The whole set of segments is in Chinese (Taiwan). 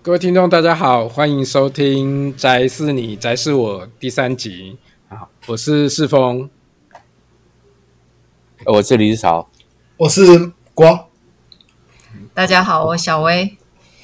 各位聽眾，大家好，歡迎收聽《宅是你，宅是我》第三集。好我是世峰，哦，我是李志潮，我是光。大家好，我小薇。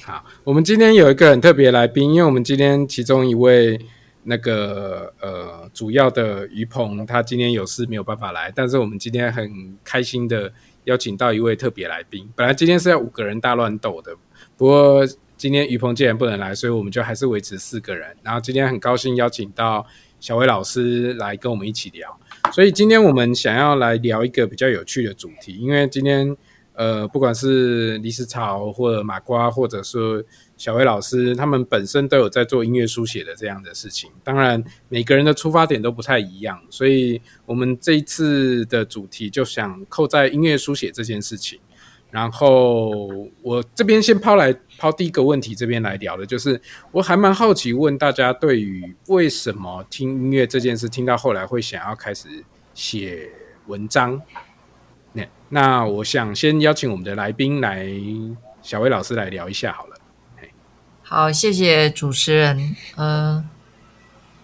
好，我們今天有一個很特別來賓，因為我們今天其中一位那個呃主要的於鵬，他今天有事沒有辦法來，但是我們今天很開心的邀請到一位特別來賓。本來今天是要五個人大亂鬥的，不過。今天於鵬既然不能來，所以我們就還是維持四個人。然後今天很高興邀請到小威老師來跟我們一起聊。所以今天我們想要來聊一個比較有趣的主題，因為今天呃，不管是李思潮或者馬瓜，或者是小威老師，他們本身都有在做音樂書寫的這樣的事情。當然，每個人的出發點都不太一樣，所以我們這一次的主題就想扣在音樂書寫這件事情。然後我這邊先拋來拋第一個問題，這邊來聊的就是，我還蠻好奇問大家，對於為什麼聽音樂這件事，聽到後來會想要開始寫文章？那那我想先邀請我們的來賓來，小威老師來聊一下好了。好，謝謝主持人。嗯、呃，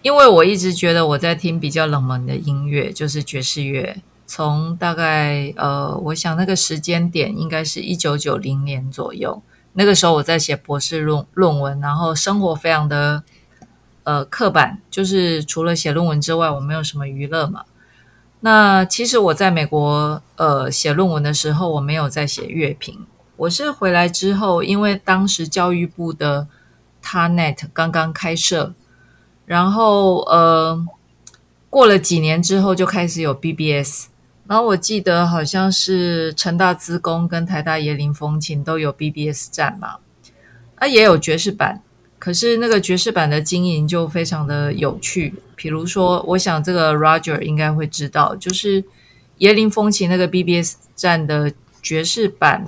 因為我一直覺得我在聽比較冷門的音樂，就是爵士樂。從大概呃，我想那個時間點應該是一九九零年左右。那個時候我在寫博士論文論文，然後生活非常的呃刻板，就是除了寫論文之外，我沒有什麼娛樂嘛。那其實我在美國呃寫論文的時候，我沒有在寫樂評。我是回來之後，因為當時教育部的 TANet 剛剛開設，然後呃過了幾年之後，就開始有 BBS。然後我記得好像是成大資工跟台大椰林風情都有 BBS 站嘛，啊也有爵士版，可是那個爵士版的經營就非常的有趣。比如說，我想這個 Roger 應該會知道，就是椰林風情那個 BBS 站的爵士版，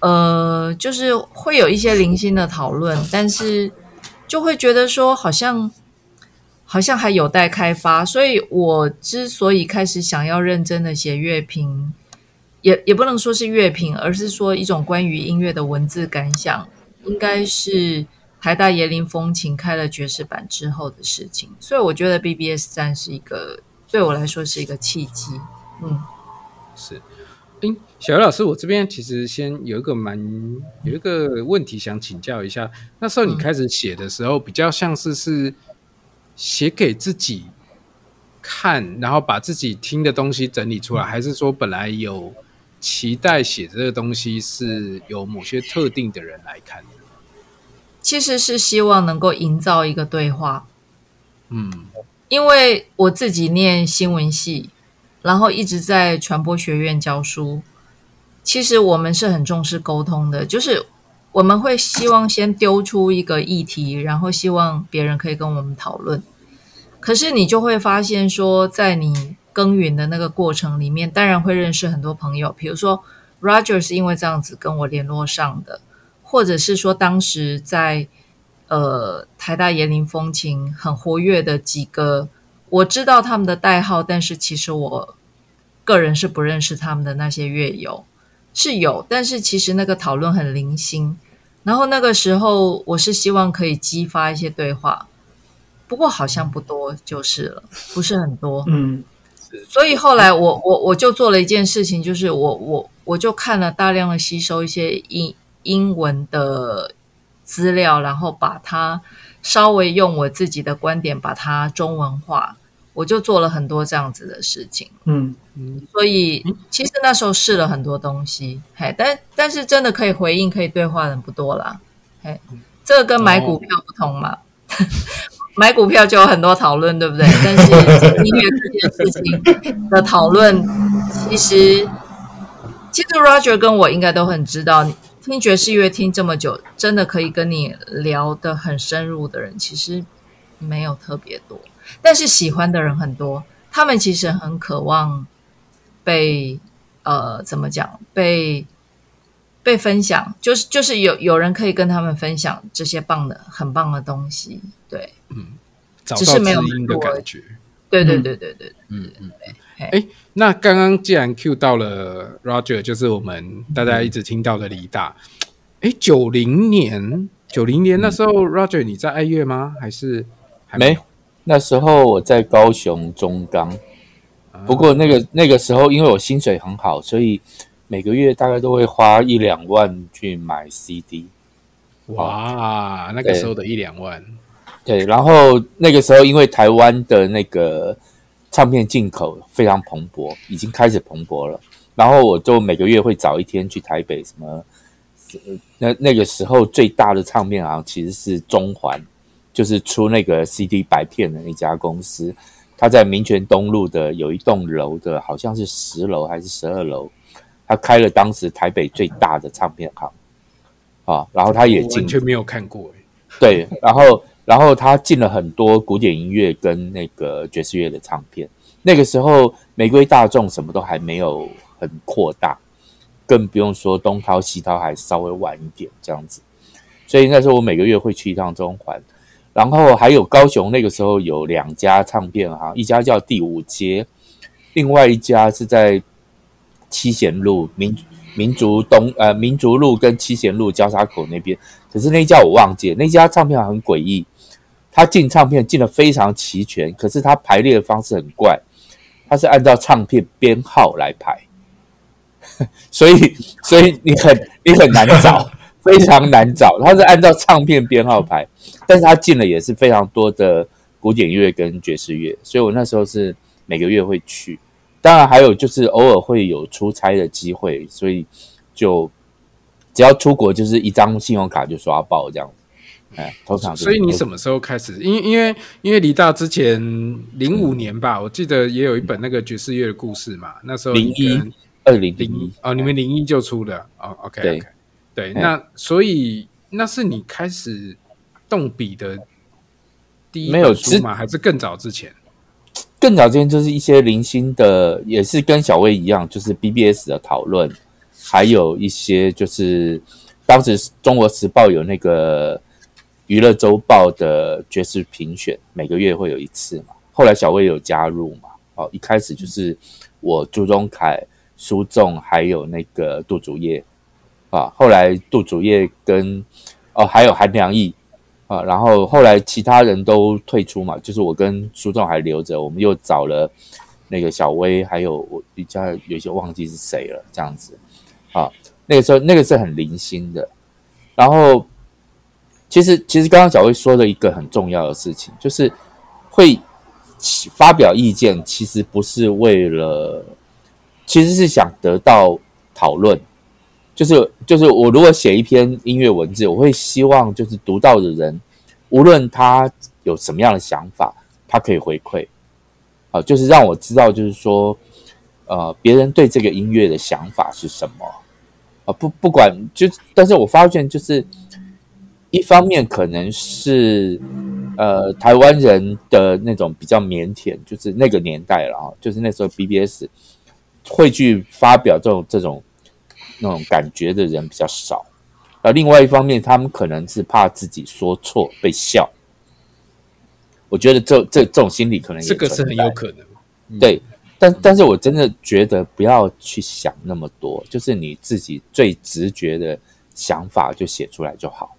呃，就是會有一些零星的討論，但是就會覺得說好像。好像還有待開發，所以我之所以開始想要認真的寫樂評，也也不能說是樂評，而是說一種關於音樂的文字感想，應該是台大椰林風情開了爵士版之後的事情。所以我覺得 BBS 站是一個對我來說是一個契機。嗯，是。哎，小威老師，我這邊其實先有一個蠻有一個問題想請教一下，那時候你開始寫的時候，嗯、比較像是是。寫給自己看，然後把自己聽的東西整理出來，還是說本來有期待寫這個東西，是有某些特定的人來看的？其實是希望能夠營造一個對話。嗯，因為我自己念新聞系，然後一直在傳播學院教書，其實我們是很重視溝通的，就是我們會希望先丟出一個議題，然後希望別人可以跟我們討論。可是你就會發現說，在你耕耘的那個過程裡面，當然會認識很多朋友。比如說，Roger 是因為這樣子跟我聯絡上的，或者是說當時在呃台大椰林風情很活躍的幾個，我知道他們的代號，但是其實我個人是不認識他們的那些樂友。是有，但是其實那個討論很零星。然後那個時候，我是希望可以激發一些對話。不過好像不多就是了，不是很多。嗯，所以後來我我我就做了一件事情，就是我我我就看了大量的吸收一些英英文的資料，然後把它稍微用我自己的觀點把它中文化。我就做了很多這樣子的事情。嗯，嗯，所以其實那時候試了很多東西，嘿，但但是真的可以回應可以對話的人不多啦。嘿，這個跟買股票不同嘛。哦 買股票就有很多討論，對不對？但是音樂這件事情的討論，其實其實 Roger 跟我應該都很知道，聽爵士樂聽這麼久，真的可以跟你聊得很深入的人，其實沒有特別多，但是喜歡的人很多，他們其實很渴望被，呃，怎麼講，被。被分享，就是就是有有人可以跟他們分享這些棒的很棒的東西，對，嗯，找到知音的感覺，嗯、對對對對對，嗯嗯，嗯嘿誒，那剛剛既然 cue 到了 Roger，就是我們大家一直聽到的李大，哎、嗯，九零年九零年、嗯、那時候 Roger 你在愛樂嗎？還是還沒，沒？那時候我在高雄中鋼。不過那個、啊、那個時候因為我薪水很好，所以。每個月大概都會花一兩萬去買 CD，哇，哦、那個時候的一兩萬，對，對。然後那個時候，因為台灣的那個唱片進口非常蓬勃，已經開始蓬勃了。然後我就每個月會找一天去台北。什麼？那那個時候最大的唱片行其實是中環，就是出那個 CD 白片的那家公司，他在民權東路的有一棟樓的，好像是十樓還是十二樓。他開了當時台北最大的唱片行。啊，然後他也進，去，沒有看過，對，然後，然後他進了很多古典音樂跟那個爵士樂的唱片。那個時候，玫瑰大眾什麼都還沒有很擴大，更不用說東掏西掏，還稍微晚一點這樣子。所以應該說我每個月會去一趟中環，然後還有高雄，那個時候有兩家唱片行，一家叫第五街，另外一家是在。七賢路民民族東呃民族路跟七賢路交叉口那邊，可是那一家我忘記，那一家唱片很詭異，他進唱片進得非常齊全，可是他排列的方式很怪，他是按照唱片編號來排，所以所以你很你很難找， 非常難找，他是按照唱片編號排，但是他進了也是非常多的古典樂跟爵士樂，所以我那時候是每個月會去。當然，還有就是偶爾會有出差的機會，所以就只要出國，就是一張信用卡就刷爆這樣。哎、欸，通常是，所以你什麼時候開始？因為因為因為離大之前零五年吧，嗯、我記得也有一本那個爵士樂的故事嘛。那時候零一，二零零一哦，你們零一就出的。嗯、哦。OK，對 okay, 對，對那、嗯、所以那是你開始動筆的第一本書沒有嗎？還是更早之前？更早之前就是一些零星的，也是跟小威一樣，就是 BBS 的討論，還有一些就是當時《中國時報》有那個娛樂週報的爵士評選，每個月會有一次嘛。後來小威有加入嘛。哦，一開始就是我朱宗凱、蘇仲，還有那個杜祖業啊。後來杜祖業跟哦，還有韓良義。啊，然後後來其他人都退出嘛，就是我跟蘇仲還留着，我們又找了那個小威，還有我比較有些忘記是誰了，這樣子。啊，那個時候那個是很零星的，然後其實其實剛剛小威說的一個很重要的事情，就是會發表意見，其實不是為了，其實是想得到討論。就是就是我如果寫一篇音樂文字，我會希望就是讀到的人，無論他有什麼樣的想法，他可以回饋，啊、呃，就是讓我知道，就是說，呃，別人對這個音樂的想法是什麼啊、呃？不不管就，但是我發現就是，一方面可能是呃台灣人的那種比較靦腆，就是那個年代了啊，就是那時候 BBS 會去發表這種這種。那種感覺的人比較少，而另外一方面，他們可能是怕自己說錯被笑。我覺得這這這種心理可能也這個是很有可能，對。嗯、但但是我真的覺得不要去想那麼多，就是你自己最直覺的想法就寫出來就好。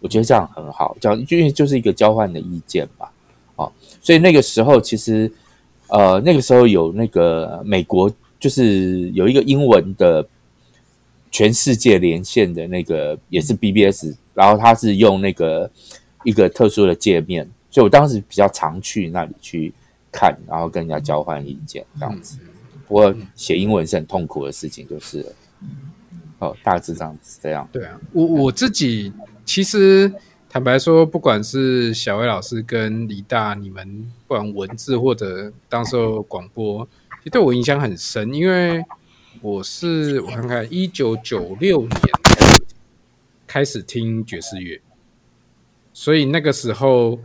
我覺得這樣很好，這樣因為就是一個交換的意見嘛，啊、哦，所以那個時候其實呃，那個時候有那個美國就是有一個英文的。全世界連線的那個也是 BBS，然後他是用那個一個特殊的界面，所以我當時比較常去那裡去看，然後跟人家交換意見這樣子。嗯、不過寫英文是很痛苦的事情，就是了、嗯、哦，大致上是這樣子對啊。我我自己其實坦白說，不管是小威老師跟李大，你們不管文字或者當時候廣播，其實對我影響很深，因為。我是我看看，一九九六年開始聽爵士樂，所以那個時候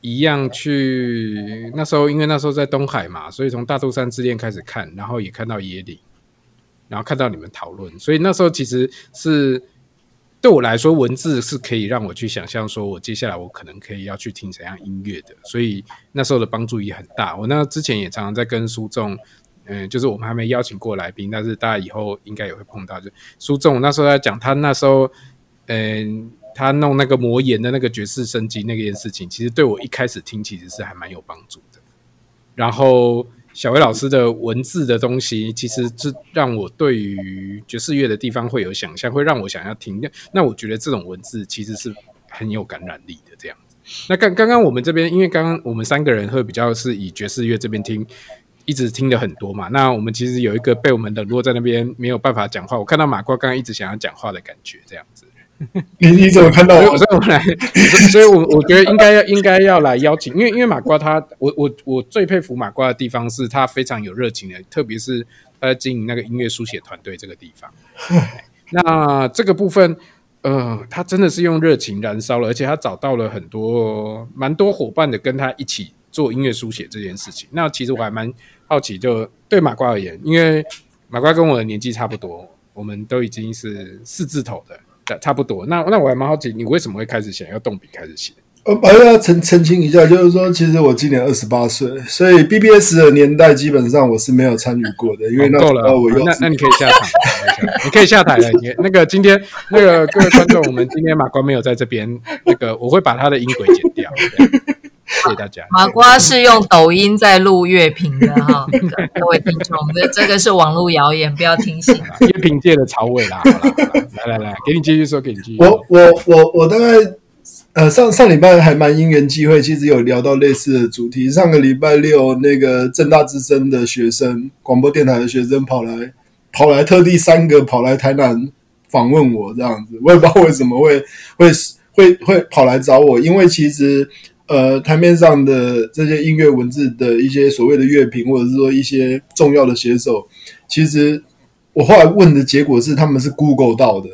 一樣去。那時候因為那時候在東海嘛，所以從《大肚山之戀》開始看，然後也看到野嶺，然後看到你們討論，所以那時候其實是對我來說，文字是可以讓我去想象，說我接下來我可能可以要去聽怎樣音樂的，所以那時候的幫助也很大。我那個之前也常常在跟書中嗯，就是我們還沒邀請過來賓，但是大家以後應該也會碰到。就蘇總那時候在講他那時候，嗯，他弄那個魔岩的那個爵士升級那件事情，其實對我一開始聽其實是還蠻有幫助的。然後小威老師的文字的東西，其實是讓我對於爵士樂的地方會有想象，會讓我想要聽。那那我覺得這種文字其實是很有感染力的。這樣子，那剛剛剛我們這邊，因為剛剛我們三個人會比較是以爵士樂這邊聽。一直聽得很多嘛，那我們其實有一個被我們冷落在那邊沒有辦法講話。我看到馬瓜剛剛一直想要講話的感覺，這樣子。你你怎麼看到？啊 所以我來，我我覺得應該要應該要來邀請，因為因為馬瓜他，我我我最佩服馬瓜的地方是他非常有熱情的，特別是他在經營那個音樂書寫團隊這個地方。 那這個部分，嗯、呃，他真的是用熱情燃燒了，而且他找到了很多蠻多夥伴的，跟他一起做音樂書寫這件事情。那其實我還蠻。好奇，就對馬瓜而言，因為馬瓜跟我的年紀差不多，我們都已經是四字頭的，差不多。那那我還蠻好奇，你為什麼會開始想要動筆開始寫？呃、啊，要澄澄清一下，就是說，其實我今年二十八歲，所以 BBS 的年代基本上我是沒有參與過的。嗯、因為那夠了，嗯、那那、那你可以下台， 你可以下台了。那個今天那個各位觀眾， 我們今天馬瓜沒有在這邊，那個我會把他的音軌剪掉。謝謝大家。麻瓜是用抖音在錄樂評的哈，各位聽眾的這個是網絡謠言，不要聽信啊。樂評界的常委啦，來來來，給你繼續說，給你繼續。我我我我大概呃，上上禮拜還蠻因緣際會，其實有聊到類似的主題。上個禮拜六，那個政大之聲的學生、廣播電台的學生跑來跑來，特地三個跑來台南訪問我這樣子。我也不知道為什麼會會會會跑來找我，因為其實。呃，台面上的這些音樂文字的一些所謂的樂評，或者是說一些重要的寫手，其實我後來問的結果是，他們是 Google 到的，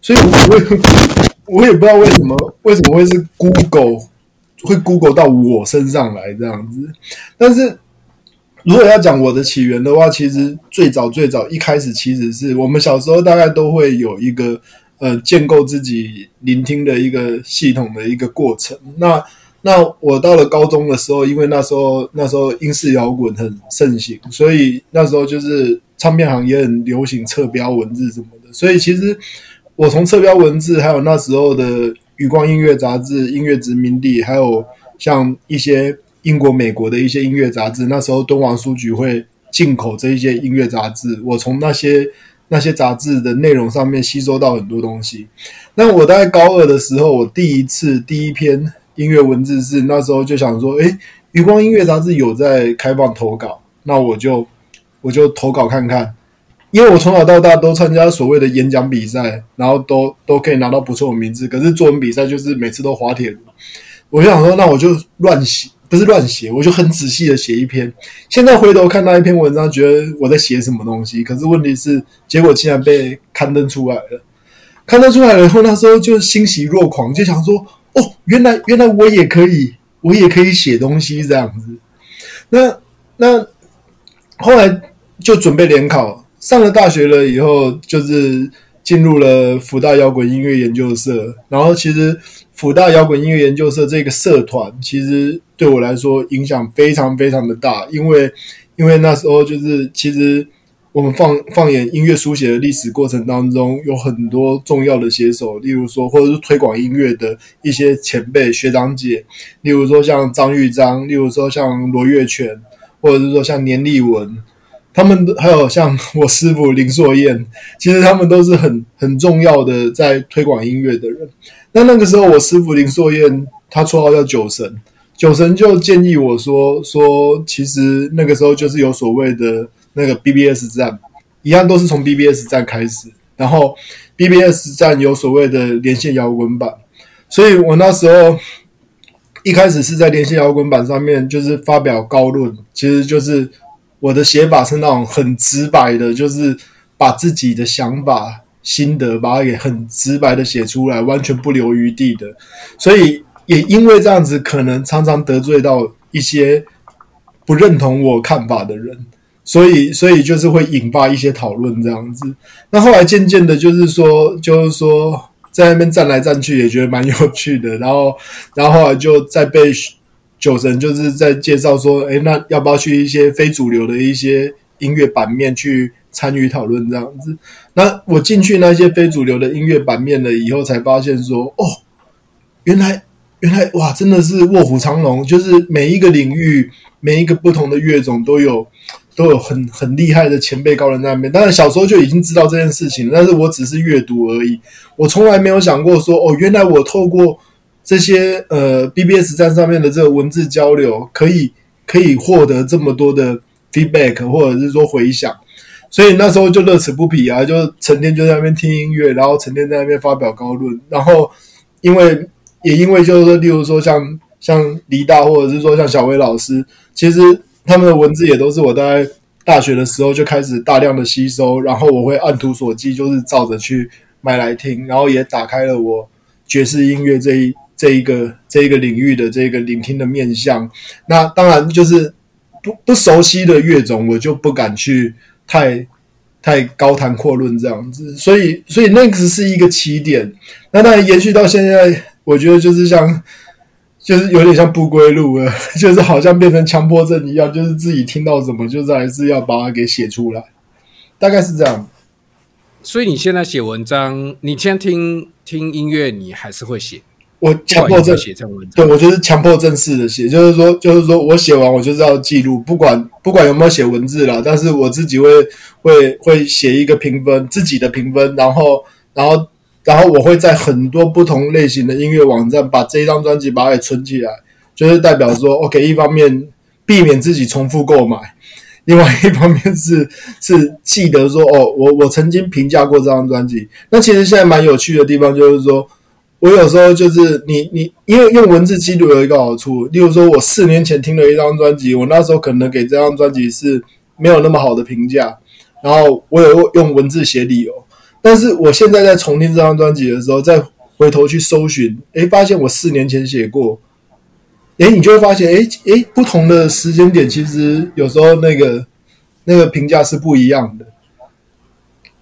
所以我也，我我也不知道為什麼為什麼會是 Google 會 Google 到我身上來這樣子。但是，如果要講我的起源的話，其實最早最早一開始，其實是我們小時候大概都會有一個呃建構自己聆聽的一個系統的一個過程，那。那我到了高中的時候，因為那時候那時候英式搖滾很盛行，所以那時候就是唱片行也很流行側標文字什麼的。所以其實我從側標文字，還有那時候的《余光音樂雜誌》《音樂殖民地》，還有像一些英國、美國的一些音樂雜誌，那時候敦煌書局會進口這一些音樂雜誌。我從那些那些雜誌的內容上面吸收到很多東西。那我在高二的時候，我第一次第一篇。音樂文字是，那時候就想說，誒，余光音樂雜誌有在開放投稿，那我就我就投稿看看，因為我從小到大都參加所謂的演講比賽，然後都都可以拿到不錯的名次，可是作文比賽就是每次都滑鐵盧，我就想說，那我就亂寫，不是亂寫，我就很仔細的寫一篇。現在回頭看那一篇文章，覺得我在寫什麼東西，可是問題是結果竟然被刊登出來了，刊登出來了以後，那時候就欣喜若狂，就想說。哦，原來原來我也可以，我也可以寫東西這樣子。那那後來就準備聯考，上了大學了以後，就是進入了輔大搖滾音樂研究社。然後其實輔大搖滾音樂研究社這個社團，其實對我來說影響非常非常的大，因為因為那時候就是其實。我們放放眼音樂書寫的歷史過程當中，有很多重要的寫手，例如說，或者是推廣音樂的一些前輩學長姐，例如說像張玉章，例如說像羅悅全，或者是說像年立文，他們還有像我師傅林碩彥，其實他們都是很很重要的在推廣音樂的人。那那個時候，我師傅林碩彥，他綽號叫“酒神”，酒神就建議我說說，其實那個時候就是有所謂的。那個 BBS 站一樣都是從 BBS 站開始，然後 BBS 站有所謂的連線搖滾版，所以我那時候一開始是在連線搖滾版上面，就是發表高論，其實就是我的寫法是那種很直白的，就是把自己的想法心得把它給很直白的寫出來，完全不留餘地的，所以也因為這樣子，可能常常得罪到一些不認同我看法的人。所以，所以就是會引發一些討論這樣子。那後來漸漸的，就是說，就是說，在那邊站來站去也覺得蠻有趣的。然後，然後後來就在被酒神就是在介紹說、欸，哎，那要不要去一些非主流的一些音樂版面去參與討論這樣子？那我進去那些非主流的音樂版面了以後，才發現說，哦，原來，原來哇，真的是臥虎藏龍，就是每一個領域，每一個不同的樂種都有。都有很很厲害的前輩高人在那邊，但是小時候就已經知道這件事情，但是我只是閱讀而已，我從來沒有想過說哦，原來我透過這些呃 BBS 站上面的這個文字交流，可以可以獲得這麼多的 feedback 或者是說回響，所以那時候就樂此不疲啊，就成天就在那邊聽音樂，然後成天在那邊發表高論，然後因為也因為就是說，例如說像像黎大或者是說像小威老師，其實。他們的文字也都是我在大、大學的時候就開始大量的吸收，然後我會按圖索驥，就是照着去買來聽，然後也打開了我爵士音樂這一這一個這一個領域的這一個聆聽的面向。那當然就是不不熟悉的樂種，我就不敢去太太高談闊論這樣子。所以所以那個是一個起點，那當然延續到現在，我覺得就是像。就是有點像不歸路啊，就是好像變成強迫症一樣，就是自己聽到什麼，就是還是要把它給寫出來，大概是這樣。所以你現在寫文章，你現在聽聽音樂，你還是會寫？我強迫症寫成文章，對，我就是強迫症式的寫，就是說，就是說我寫完我就是要記錄，不管不管有沒有寫文字啦，但是我自己會會會寫一個評分，自己的評分，然後然後。然後我會在很多不同類型的音樂網站把這一張專輯把它給存起來，就是代表說，OK，哦，一方面避免自己重複購買，另外一方面是是記得說，哦，我我曾經評價過這張專輯。那其實現在蠻有趣的地方就是說，我有時候就是你你因為用文字記錄有一個好處，例如說我四年前聽了一張專輯，我那時候可能給這張專輯是沒有那麼好的評價，然後我有用文字寫理由，哦。但是我現在在重聽這張專輯的時候，再回頭去搜尋，哎，發現我四年前寫過，哎，你就會發現，哎，哎，不同的時間點其實有時候那個那個評價是不一樣的。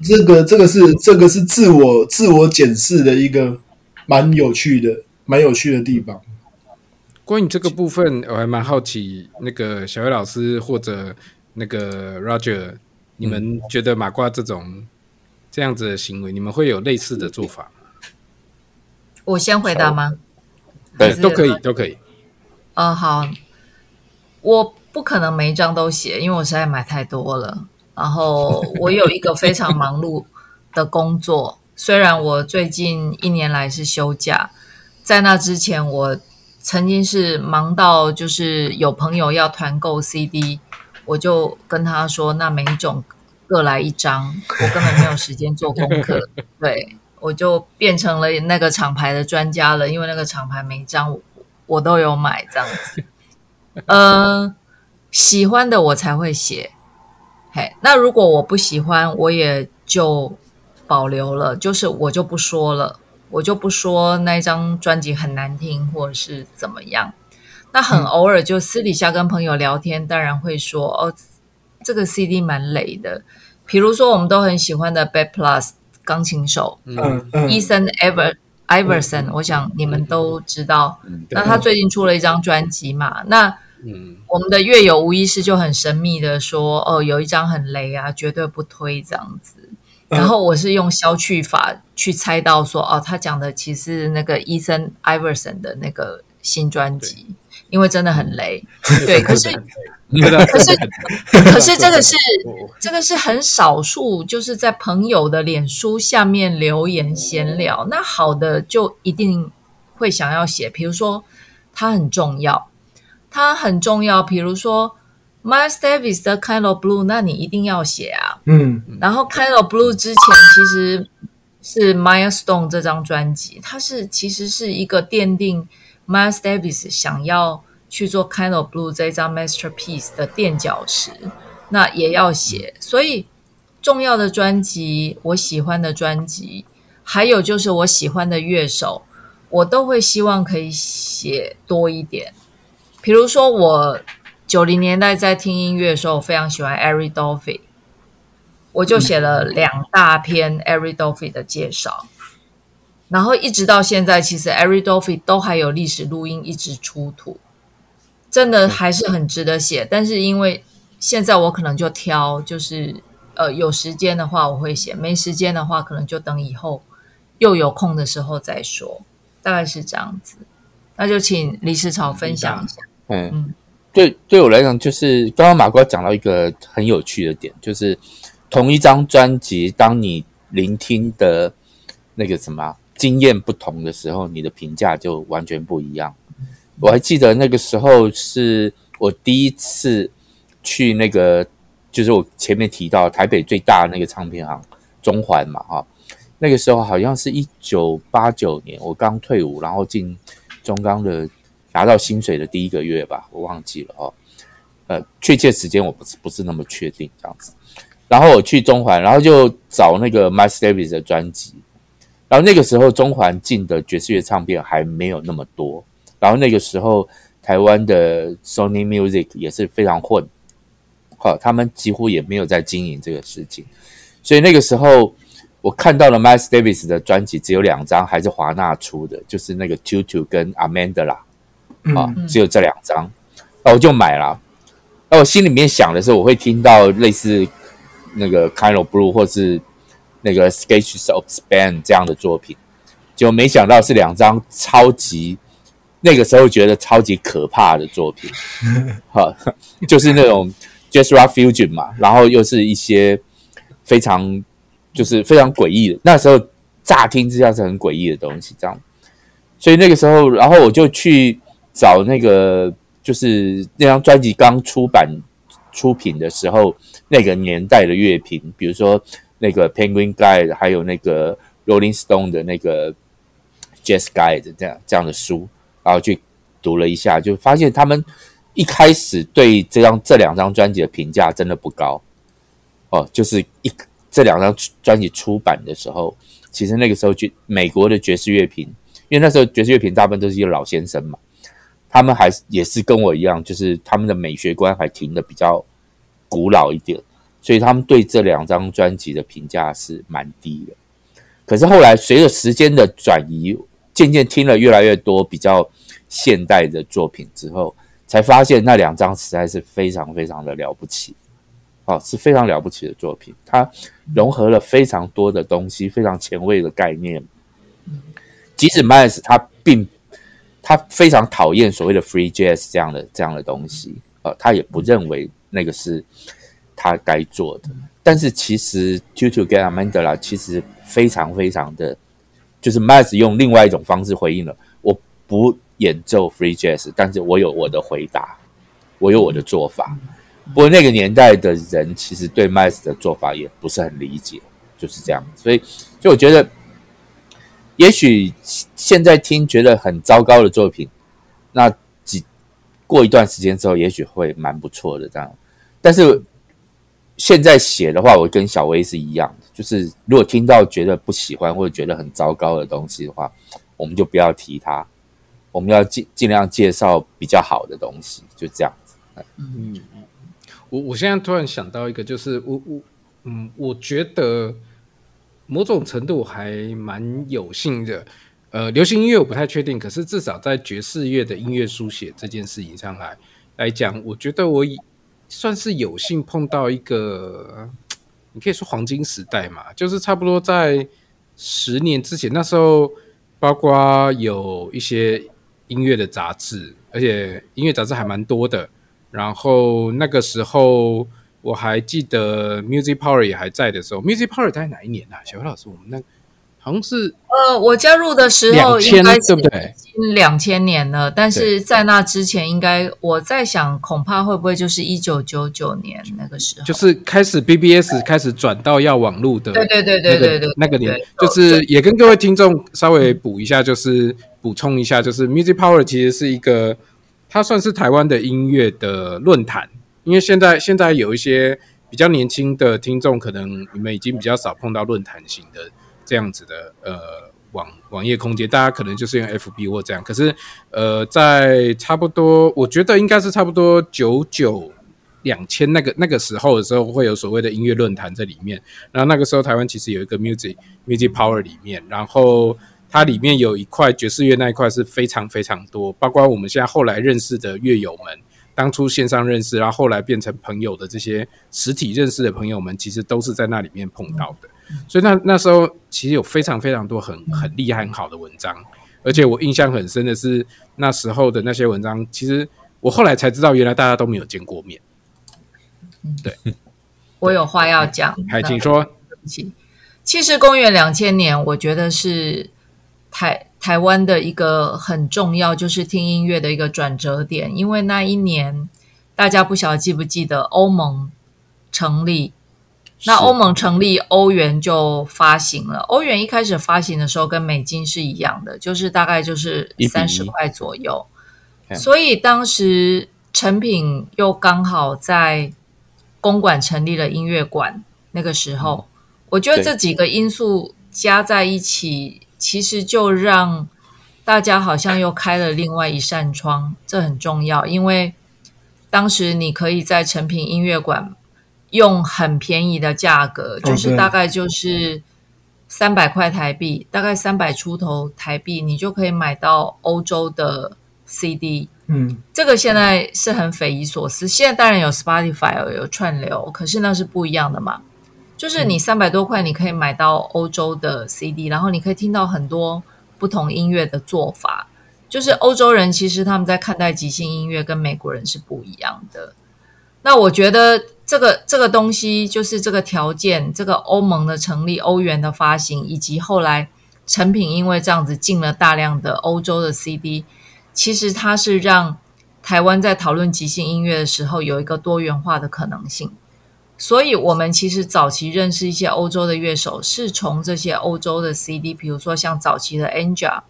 這個這個是這個是自我自我檢視的一個蠻有趣的蠻有趣的地方。關於這個部分，我還蠻好奇，那個小威老師或者那個 Roger，你們覺得馬掛這種這樣子的行為，你們會有類似的做法嗎？我先回答嗎？對，是都可以，都可以。嗯、呃，好，我不可能每一張都寫，因為我實在買太多了。然後我有一個非常忙碌的工作， 雖然我最近一年來是休假，在那之前，我曾經是忙到就是有朋友要團購 CD，我就跟他說：“那每一種。”各來一張，我根本沒有時間做功課， 對，我就變成了那個廠牌的專家了，因為那個廠牌每一張，我我都有買，這樣子，嗯、呃， 喜歡的我才會寫，嘿，那如果我不喜歡，我也就保留了，就是我就不說了，我就不說那張專輯很難聽或者是怎麼樣，那很偶爾就私底下跟朋友聊天，嗯、當然會說哦。這個 CD 蠻雷的，比如說我們都很喜歡的 Bad Plus 鋼琴手，嗯嗯，Ethan Ever Iverson，嗯，我想你們都知道。嗯，那他最近出了一張專輯嘛。那嗯，那我們的樂友無意是就很神秘的說：“嗯，哦，有一張很雷啊，絕對不推這樣子。”然後我是用消去法去猜到說：“嗯，哦，他講的其實是那個 Ethan Iverson 的那個新專輯。”因為真的很累，對，可是， 可是， 可是，這個是，這個 是很少數，就是在朋友的臉書下面留言閒聊。那好的就一定會想要寫，比如說它很重要，它很重要。比如說 Miles Davis 的 Kind of Blue，那你一定要寫啊。嗯，然後 Kind of 對 Blue 之前其實是 Milestones 這張專輯，它是其實是一個奠定。Miles Davis 想要去做《Kind of Blue》這張 masterpiece 的墊腳石，那也要寫。所以重要的專輯、我喜歡的專輯，還有就是我喜歡的樂手，我都會希望可以寫多一點。比如說，我九零年代在聽音樂的時候，我非常喜歡 Eric Dolphy，我就寫了兩大篇 Eric Dolphy 的介紹。然後一直到現在，其實 Eric Dolphy 都還有歷史錄音一直出土，真的還是很值得寫。但是因為現在我可能就挑，就是呃有時間的話我會寫，沒時間的話可能就等以後又有空的時候再說。大概是這樣子。那就請李世超分享一下。嗯嗯，對，對我來講就是剛剛馬哥講到一個很有趣的點，就是同一張專輯，當你聆聽的那個什麼經驗不同的時候，你的評價就完全不一樣。我還記得那個時候是我第一次去那個，就是我前面提到台北最大的那個唱片行中環嘛，哈。那個時候好像是一九八九年，我剛退伍，然後進中鋼的，拿到薪水的第一個月吧，我忘記了，哈。呃，確切時間我不是不是那麼確定這樣子。然後我去中環，然後就找那個 Miles Davis 的專輯。然後那個時候，中環進的爵士樂唱片還沒有那麼多。然後那個時候，台灣的 Sony Music 也是非常混，好、哦，他們幾乎也沒有在經營這個事情。所以那個時候，我看到了 Miles Davis 的專輯只有兩張，還是華納出的，就是那個《Tutu 跟《Amanda、哦》啦，啊，只有這兩張，那、嗯嗯、我就買了。那我心裡面想的時候，我會聽到類似那個《Kind of Blue》或是。那個 Sketches of Spain 這樣的作品，就沒想到是兩張超級那個時候覺得超級可怕的作品，哈，就是那種 Jesra Fusion 嘛，然後又是一些非常就是非常詭異的，那時候乍聽之下是很詭異的東西，這樣，所以那個時候，然後我就去找那個就是那張專輯剛出版出品的時候那個年代的樂評，比如說。那個 Penguin Guide，還有那個 Rolling Stone 的那個 Jazz Guide，這樣這樣的書，然後去讀了一下，就發現他們一開始對這張這兩張專輯的評價真的不高。哦，就是一這兩張專輯出版的時候，其實那個時候就美國的爵士樂評，因為那時候爵士樂評大部分都是一些老先生嘛，他們還是也是跟我一樣，就是他們的美學觀還停得比較古老一點。所以他們對這兩張專輯的評價是蠻低的，可是後來隨着時間的轉移，漸漸聽了越來越多比較現代的作品之後，才發現那兩張實在是非常非常的了不起，啊，是非常了不起的作品。它融合了非常多的東西，非常前衛的概念。即使 Miles 他並他非常討厭所謂的 Free Jazz 這樣的這樣的東西，呃，他也不認為那個是。他該做的，但是其實、mm hmm. Tutu 跟 Amandla 其實非常非常的，就是 Miles 用另外一種方式回應了。我不演奏 free jazz，但是我有我的回答，我有我的做法。Mm hmm. 不過那個年代的人其實對 Miles 的做法也不是很理解，就是這樣。所以，就我覺得，也許現在聽覺得很糟糕的作品，那幾過一段時間之後，也許會蠻不錯的這樣。但是。現在寫的話，我跟小威是一樣的，就是如果聽到覺得不喜歡或者覺得很糟糕的東西的話，我們就不要提它。我們要盡盡量介紹比較好的東西，就這樣子。嗯，我我現在突然想到一個，就是我我嗯，我覺得某種程度還蠻有幸的。呃，流行音樂我不太確定，可是至少在爵士樂的音樂書寫這件事情上來來講，我覺得我以。算是有幸碰到一個，你可以說黃金時代嘛，就是差不多在十年之前，那時候包括有一些音樂的雜誌，而且音樂雜誌還蠻多的。然後那個時候我還記得 Music Power 也還在的時候，Music Power 在哪一年呢？啊？小威老師，我們那。好像是呃，我加入的時候應該是對，已經兩千年了，對對，但是在那之前，應該我在想，恐怕會不會就是一九九九年那個時候，就是開始 BBS 開始轉到要網絡的。對對對對對對，對，那個年就是也跟各位聽眾稍微補一下，就是補充一下，就是 Music Power 其實是一個，它算是台灣的音樂的論壇，因為現在現在有一些比較年輕的聽眾，可能你們已經比較少碰到論壇型的。嗯這樣子的呃網網頁空間，大家可能就是用 FB 或這樣。可是呃，在差不多我覺得應該是差不多九九兩千那個那個時候的時候，會有所謂的音樂論壇在裡面。然後那個時候台灣其實有一個 music music power 裡面，然後它裡面有一塊爵士樂，那一塊是非常非常多，包括我們現在後來認識的樂友們。當初線上認識，然後後來變成朋友的這些實體認識的朋友們，其實都是在那裡面碰到的。所以那那時候其實有非常非常多很很厲害很好的文章，而且我印象很深的是那時候的那些文章，其實我後來才知道原來大家都沒有見過面。對，我有話要講，海對，還還請說。其實公元兩千年，我覺得是台台灣的一個很重要就是聽音樂的一個轉折點，因為那一年大家不曉得記不記得歐盟成立，那歐盟成立，歐元就發行了。歐元一開始發行的時候跟美金是一樣的，就是大概就是三十塊左右。所以當時誠品又剛好在公館成立了音樂館，那個時候我覺得這幾個因素加在一起。其實就讓大家好像又開了另外一扇窗，這很重要，因為當時你可以在誠品音樂館用很便宜的價格，對對就是大概就是三百塊台幣，大概三百出頭台幣，你就可以買到歐洲的 CD。嗯，這個現在是很匪夷所思，現在當然有 Spotify 有串流，可是那是不一樣的嘛。就是你三百多塊，你可以買到歐洲的 CD，然後你可以聽到很多不同音樂的做法。就是歐洲人其實他們在看待即興音樂跟美國人是不一樣的。那我覺得這個這個東西，就是這個條件，這個歐盟的成立、歐元的發行，以及後來誠品因為這樣子進了大量的歐洲的 CD，其實它是讓台灣在討論即興音樂的時候有一個多元化的可能性。所以，我們其實早期認識一些歐洲的樂手，是從這些歐洲的 CD，比如說像早期的 Enja，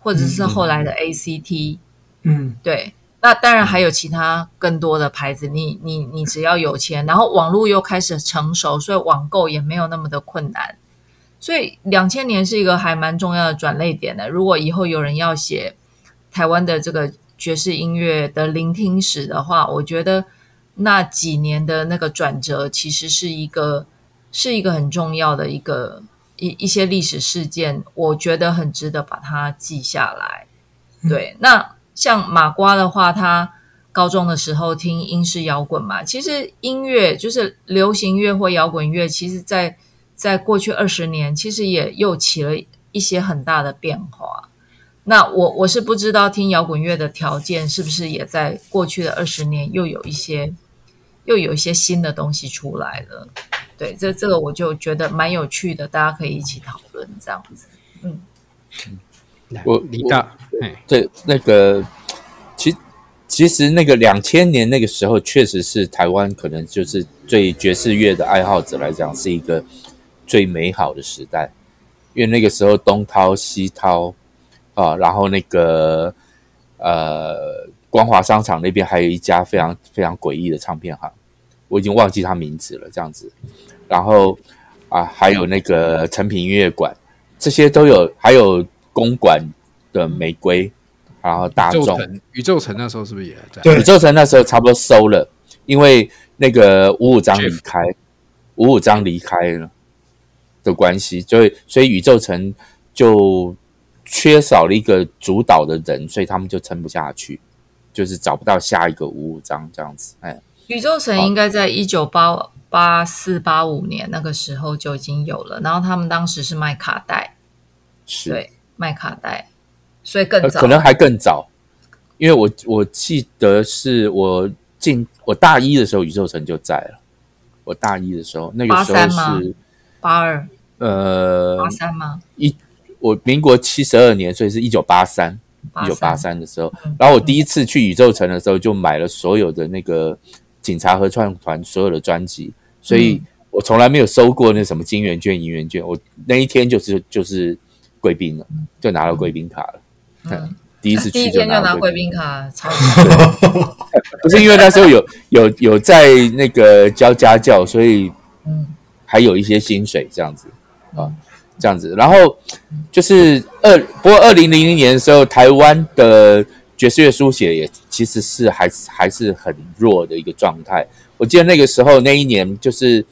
或者是後來的 ACT，嗯，嗯對。那當然還有其他更多的牌子，你你你只要有錢，然後網絡又開始成熟，所以網購也沒有那麼的困難。所以，兩千年是一個還蠻重要的轉捩點的。如果以後有人要寫台灣的這個爵士音樂的聆聽史的話，我覺得。那幾年的那個轉折，其實是一個是一個很重要的一個一一些歷史事件，我覺得很值得把它記下來。對，那像馬瓜的話，他高中的時候聽英式搖滾嘛，其實音樂就是流行樂或搖滾樂，其實在，在在過去二十年，其實也又起了一些很大的變化。那我我是不知道聽搖滾樂的條件是不是也在過去的二十年又有一些。又有一些新的東西出來了，對，這這個我就覺得蠻有趣的，大家可以一起討論這樣子嗯。嗯，我李娜嘿 對，那個，其其實那個兩千年那個時候，確實是台灣可能就是對爵士樂的愛好者來講，是一個最美好的時代，因為那個時候東掏西掏啊，然後那個，呃。光華商場那邊還有一家非常非常詭異的唱片行，我已經忘記他名字了。這樣子，然後啊，還有那個成品音樂館，這些都有，還有公館的玫瑰，然後大眾，宇宙城，宇宙城那時候是不是也在？對，宇宙城那時候差不多收了，因為那個五五章離開，Jeff. 五五章離開了的關係，所以所以宇宙城就缺少了一個主導的人，所以他們就撐不下去。就是找不到下一個五五章這樣子，哎，宇宙城應該在一九八八四八五年那個時候就已經有了，然後他們當時是賣卡帶，是，對，賣卡帶，所以更早，可能還更早，因為我我記得是我進我大一的時候宇宙城就在了，我大一的時候，八三嗎？那個時候是八二，八二？呃，八三嗎？一，我民國七十二年，所以是一九八三。一九八三，嗯、的時候，然後我第一次去宇宙城的時候，就買了所有的那個警察合唱團所有的專輯，所以我從來沒有收過那什麼金圓券、銀圓券。我那一天就是就是貴賓了，就拿到貴賓卡了。嗯，第一次去就拿貴賓卡了，超級，嗯。 不是因為那時候有有有在那個教家教，所以嗯，還有一些薪水這樣子啊。這樣子，然後就是二不過二零零零年的時候，台灣的爵士樂書寫也其實是還是還是很弱的一個狀態。我記得那個時候那一年就是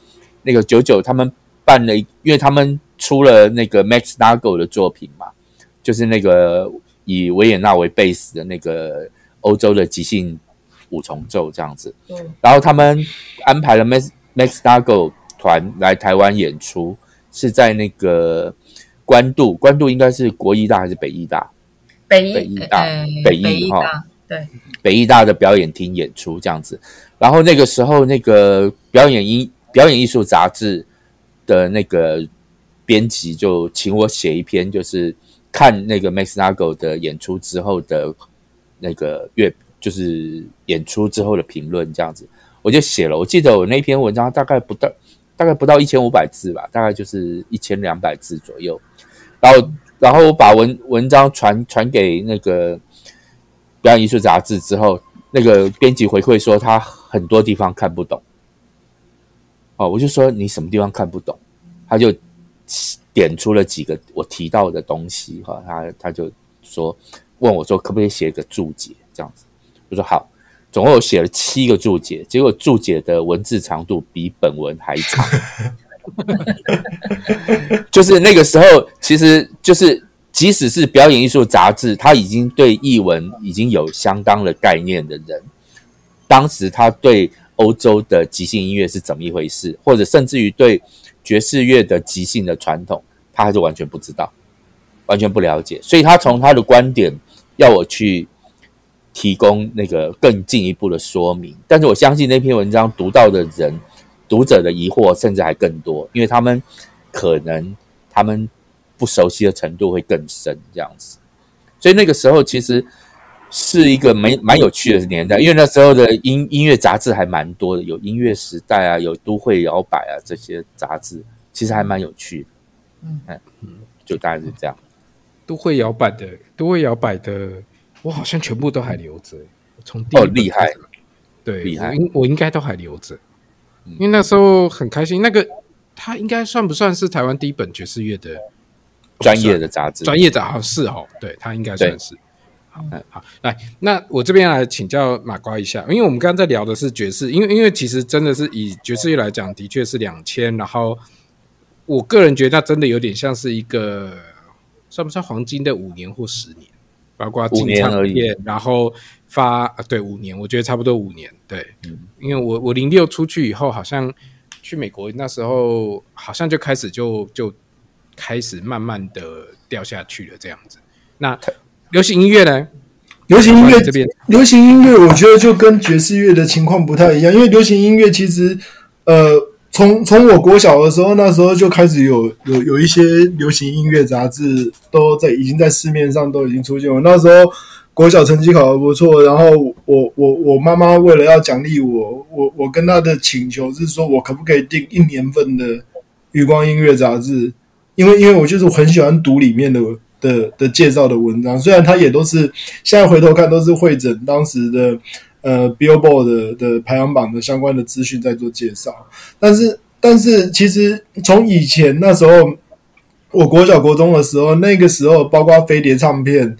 那個九九他們辦了，因為他們出了那個 Max Nagl 的作品嘛，就是那個以維也納為貝斯的那個歐洲的即興五重奏這樣子。嗯，然後他們安排了 Max Max Nagl 團來台灣演出。是在那個關渡，關渡應該是國藝大還是北藝大？北藝一大，呃、北藝哈大，對，北藝大的表演廳演出這樣子。然後那個時候，那個表演藝表演藝術雜誌的那個編輯就請我寫一篇，就是看那個 Max Nagel 的演出之後的那個月，就是演出之後的評論這樣子，我就寫了。我記得我那篇文章大概不到。大概不到一千五百字吧，大概就是一千兩百字左右。然後，然後我把文文章傳傳給那個《表演藝術雜誌》之後，那個編輯回饋說他很多地方看不懂。哦，我就說你什麼地方看不懂？他就點出了幾個我提到的東西哈、哦，他他就說問我說可不可以寫個注解這樣子，我說好。總共我寫了七個註解，結果註解的文字長度比本文還長。 就是那個時候，其實就是，即使是《表演藝術雜誌》，他已經對藝文已經有相當的概念的人，當時他對歐洲的即興音樂是怎麼一回事，或者甚至於對爵士樂的即興的傳統，他還是完全不知道，完全不了解。所以他從他的觀點要我去提供那個更進一步的說明，但是我相信那篇文章讀到的人，讀者的疑惑甚至還更多，因為他們可能他們不熟悉的程度會更深，這樣子。所以那個時候其實是一個蠻蠻有趣的年代，因為那時候的音音樂雜誌還蠻多的，有《音樂時代》啊，有《都會搖擺》啊，這些雜誌，其實還蠻有趣的。嗯，嗯，就大概是這樣，都會的《都會搖擺》的，《都會搖擺》的。我好像全部都還留着，從、嗯、哦厲害，對厲害，我，我應該都還留着，嗯、因為那時候很開心。那個他應該算不算是台灣第一本爵士樂的專、嗯、業的雜誌？專業雜誌，像是哦，是，對他應該算是。對好，嗯、好，來，那我這邊來請教馬瓜一下，因為我們剛剛在聊的是爵士，因為因為其實真的是以爵士樂來講，的確是兩千，然後我個人覺得，它真的有點像是一個算不算黃金的五年或十年？包括進唱片然後發，對，五年，我覺得差不多五年，對，嗯、因為我我零六出去以後，好像去美國那時候，好像就開始就就開始慢慢的掉下去了，這樣子。那流行音樂呢？流行音樂，流行音樂，我，音樂我覺得就跟爵士樂的情況不太一樣，因為流行音樂其實，呃。從從我國小的時候，那時候就開始有有有一些流行音樂雜誌都在已經在市面上都已經出現了。那時候國小成績考得不錯，然後我我我媽媽為了要獎勵我，我我跟她的請求是說，我可不可以訂一年份的余光音樂雜誌？因為因為我就是我很喜歡讀裡面的的的介紹的文章，雖然它也都是現在回頭看都是會整當時的。呃，Billboard 的，的排行榜的相關的資訊在做介紹，但是，但是其實從以前那時候，我國小國中的時候，那個時候包括飛碟唱片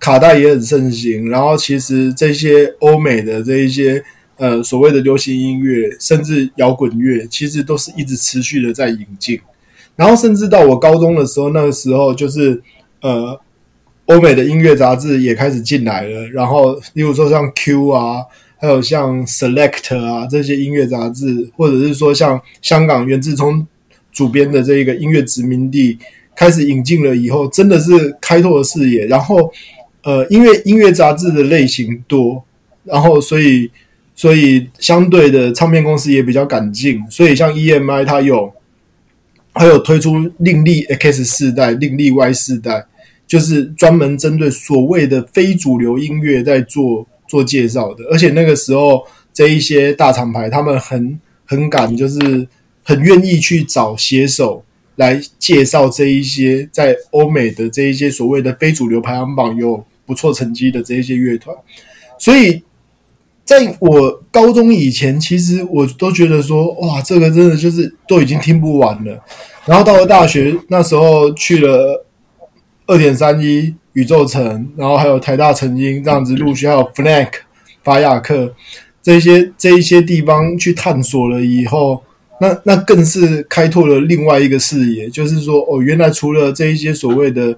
卡帶也很盛行，然後其實這些歐美的這一些呃所謂的流行音樂，甚至搖滾樂，其實都是一直持續的在引進，然後甚至到我高中的時候，那個時候就是呃。歐美的音樂雜誌也開始進來了，然後，例如說像 Q 啊，還有像 Select 啊這些音樂雜誌，或者是說像香港袁志聰主編的這個音樂殖民地開始引進了以後，真的是開拓了視野。然後，呃，音樂音樂雜誌的類型多，然後所以所以相對的唱片公司也比較敢進，所以像 EMI 它有，還有推出另立 X 世代、另立 Y 世代。就是專門針對所謂的非主流音樂在做做介紹的，而且那個時候這一些大廠牌他們很很敢，就是很願意去找寫手來介紹這一些在歐美的這一些所謂的非主流排行榜有不錯成績的這一些樂團，所以在我高中以前，其實我都覺得說，哇，這個真的就是都已經聽不完了。然後到了大學那時候去了。二點三一宇宙城，然後還有台大曾經這樣子陸續還有 FNAC 法雅克這些這一些地方去探索了以後，那那更是開拓了另外一個視野，就是說哦，原來除了這一些所謂的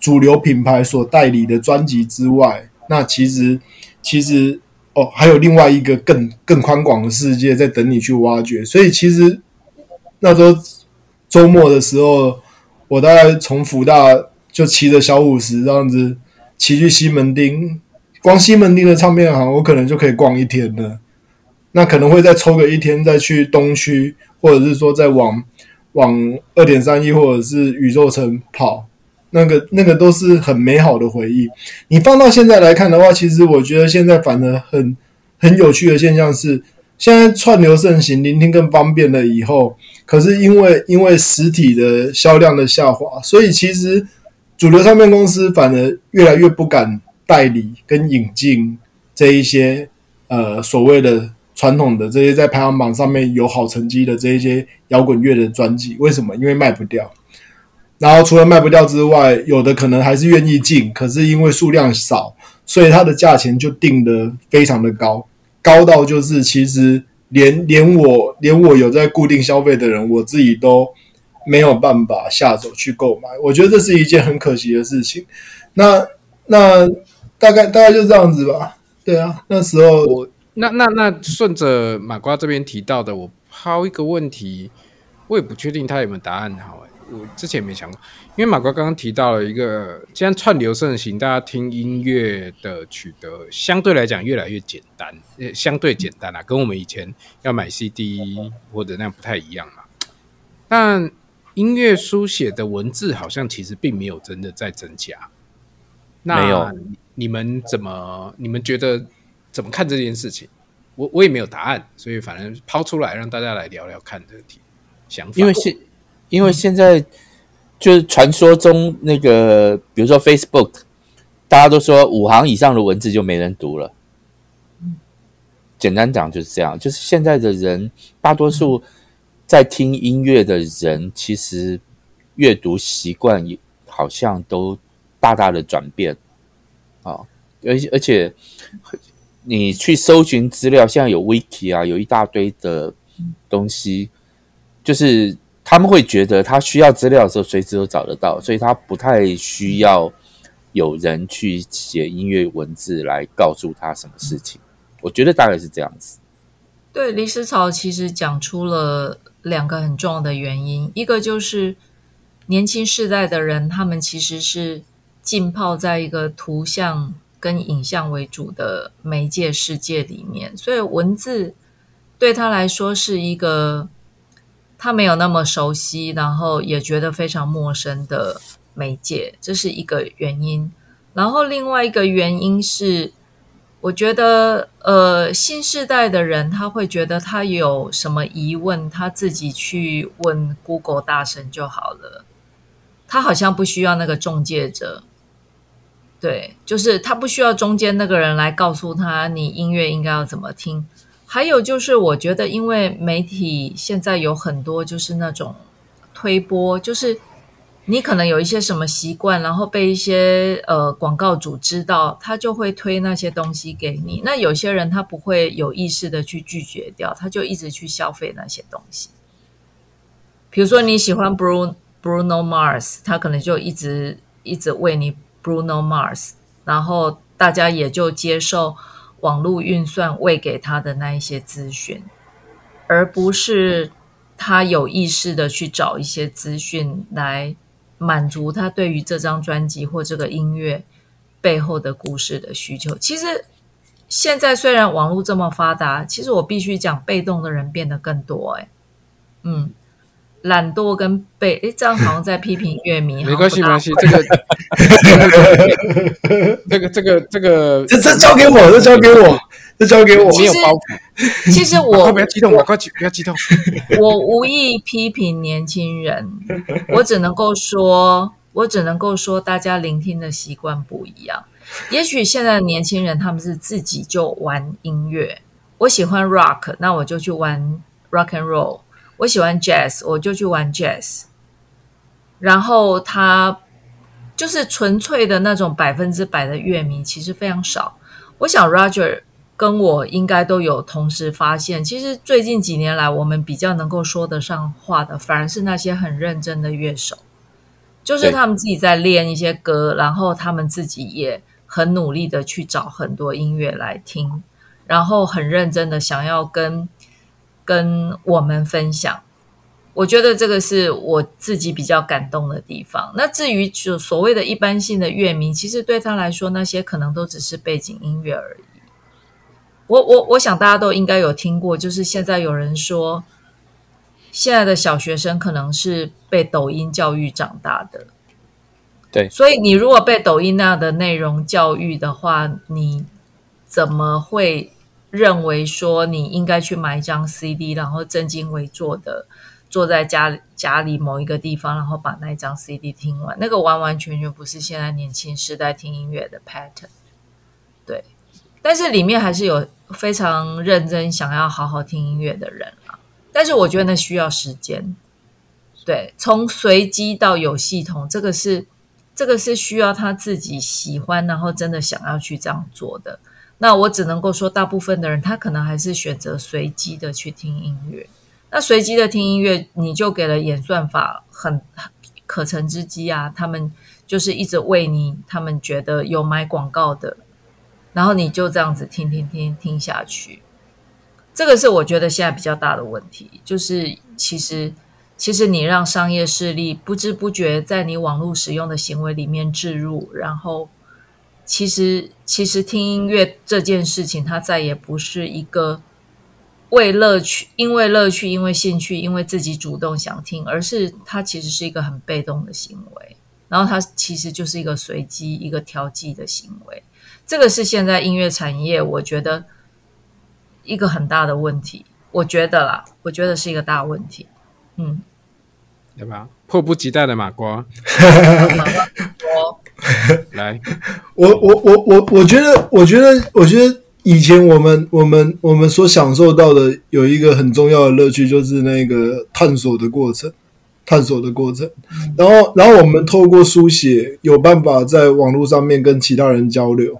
主流品牌，所代理的專輯之外，那其實其實哦還有另外一個更更寬廣的世界在等你去挖掘。所以其實那時候週末的時候，我大概從輔大就騎着小五十這樣子騎去西門町，光西門町的唱片行，我可能就可以逛一天了。那可能會再抽個一天，再去東區，或者是說再往往二點三一或者是宇宙城跑，那個那個都是很美好的回憶。你放到現在來看的話，其實我覺得現在反而很很有趣的現象是，現在串流盛行，聆聽更方便了以後，可是因為因為實體的銷量的下滑，所以其實。主流唱片公司反而越來越不敢代理跟引進這一些呃所謂的傳統的這些在排行榜上面有好成績的這一些搖滾樂的專輯，為什麼？因為賣不掉。然後除了賣不掉之外，有的可能還是願意進，可是因為數量少，所以它的價錢就定得非常的高。高到就是其實連連我連我有在固定消費的人，我自己都。沒有辦法下手去購買，我覺得這是一件很可惜的事情。那那大概大概就這樣子吧，對啊。那時候我那那那順着馬瓜這邊提到的，我拋一個問題，我也不確定他有沒有答案。好，我之前也沒想過，因為馬瓜剛剛提到了一個，既然串流盛行，大家聽音樂的取得相對來講越來越簡單，相對簡單啊，跟我們以前要買 CD 或者，那樣不太一樣嘛，但。音樂書寫的文字好像其實並沒有真的在增加，那你們怎麼沒有你們覺得怎麼看這件事情？我我也沒有答案，所以反正拋出來讓大家來聊聊看這個題想法。因為現因為現在就是傳說中那個，嗯、比如說 Facebook，大家都說五行以上的文字就沒人讀了。嗯、簡單講就是這樣，就是現在的人大多數。嗯在聽音樂的人，其實閱讀習慣好像都大大的轉變啊，而且而且你去搜尋資料，現在有 Wiki 啊，有一大堆的東西，就是他們會覺得他需要資料的時候，隨時都找得到，所以他不太需要有人去寫音樂文字來告訴他什麼事情。我覺得大概是這樣子。對，李思潮其實講出了兩個很重要的原因，一個就是年輕世代的人，他們其實是浸泡在一個圖像跟影像為主的媒介世界裡面，所以文字對他來說是一個他沒有那麼熟悉，然後也覺得非常陌生的媒介，這是一個原因。然後另外一個原因是。我覺得，呃，新世代的人他會覺得他有什麼疑問，他自己去問 Google 大神就好了。他好像不需要那個中介者，對，就是他不需要中間那個人來告訴他你音樂應該要怎麼聽。還有就是，我覺得因為媒體現在有很多就是那種推波，就是。你可能有一些什麼習慣，然後被一些呃廣告主知道，他就會推那些東西給你。那有些人他不會有意識的去拒絕掉，他就一直去消費那些東西。比如說你喜歡 Brun Bruno Mars，他可能就一直一直餵你 Bruno Mars，然後大家也就接受網絡運算餵給他的那一些資訊，而不是他有意識的去找一些資訊來。滿足他對於這張專輯或這個音樂背後的故事的需求。其實現在雖然網絡這麼發達，其實我必須講，被動的人變得更多、欸。誒。嗯，懶惰跟被誒、欸，這樣好像在批評樂迷。 沒關係，沒關係。這個 這個，這個，這個，這這交給我，這交給我。交給我。沒有包袱。其實，其實我不要激動，我不要激動。我無意批評年輕人，我只能夠說，我只能夠說，大家聆聽的習慣不一樣。也許現在年輕人他們是自己就玩音樂，我喜歡 rock，那我就去玩 rock and roll；我喜歡 jazz，我就去玩 jazz。然後他就是純粹的那種百分之百的樂迷，其實非常少。我想 Roger。跟我應該都有同時發現，其實最近幾年來，我們比較能夠說得上話的，反而是那些很認真的樂手，就是他們自己在練一些歌，對然後他們自己也很努力的去找很多音樂來聽，然後很認真的想要跟跟我們分享。我覺得這個是我自己比較感動的地方。那至於就所謂的一般性的樂迷，其實對他來說，那些可能都只是背景音樂而已。我我我想大家都應該有聽過，就是現在有人說，現在的小學生可能是被抖音教育長大的，對，所以你如果被抖音那樣的內容教育的話，你怎麼會認為說你應該去買一張 CD，然後正襟危坐的坐在家裡家裡某一個地方，然後把那一張 CD 聽完？那個完完全全不是現在年輕時代聽音樂的 pattern。但是裡面還是有非常認真想要好好聽音樂的人啊，但是我覺得那需要時間，對，從隨機到有系統，這個是這個是需要他自己喜歡，然後真的想要去這樣做的。那我只能夠說，大部分的人他可能還是選擇隨機的去聽音樂。那隨機的聽音樂，你就給了演算法很，很可乘之機啊！他們就是一直餵你，他們覺得有買廣告的。然後你就這樣子聽聽聽聽下去，這個是我覺得現在比較大的問題，就是其實其實你讓商業勢力不知不覺在你網絡使用的行為裡面置入，然後其實其實聽音樂這件事情，它再也不是一個為樂趣、因為樂趣、因為興趣、因為自己主動想聽，而是它其實是一個很被動的行為，然後它其實就是一個隨機、一個調劑的行為。這個是現在音樂產業，我覺得一個很大的問題，我覺得啦，我覺得是一個大問題。嗯，對吧，迫不及待的馬瓜，馬瓜，來，我我我我我覺得，我覺得，我覺得以前我們我們我們所享受到的有一個很重要的樂趣，就是那個探索的過程，探索的過程。然後，然後我們透過書寫，有辦法在網絡上面跟其他人交流。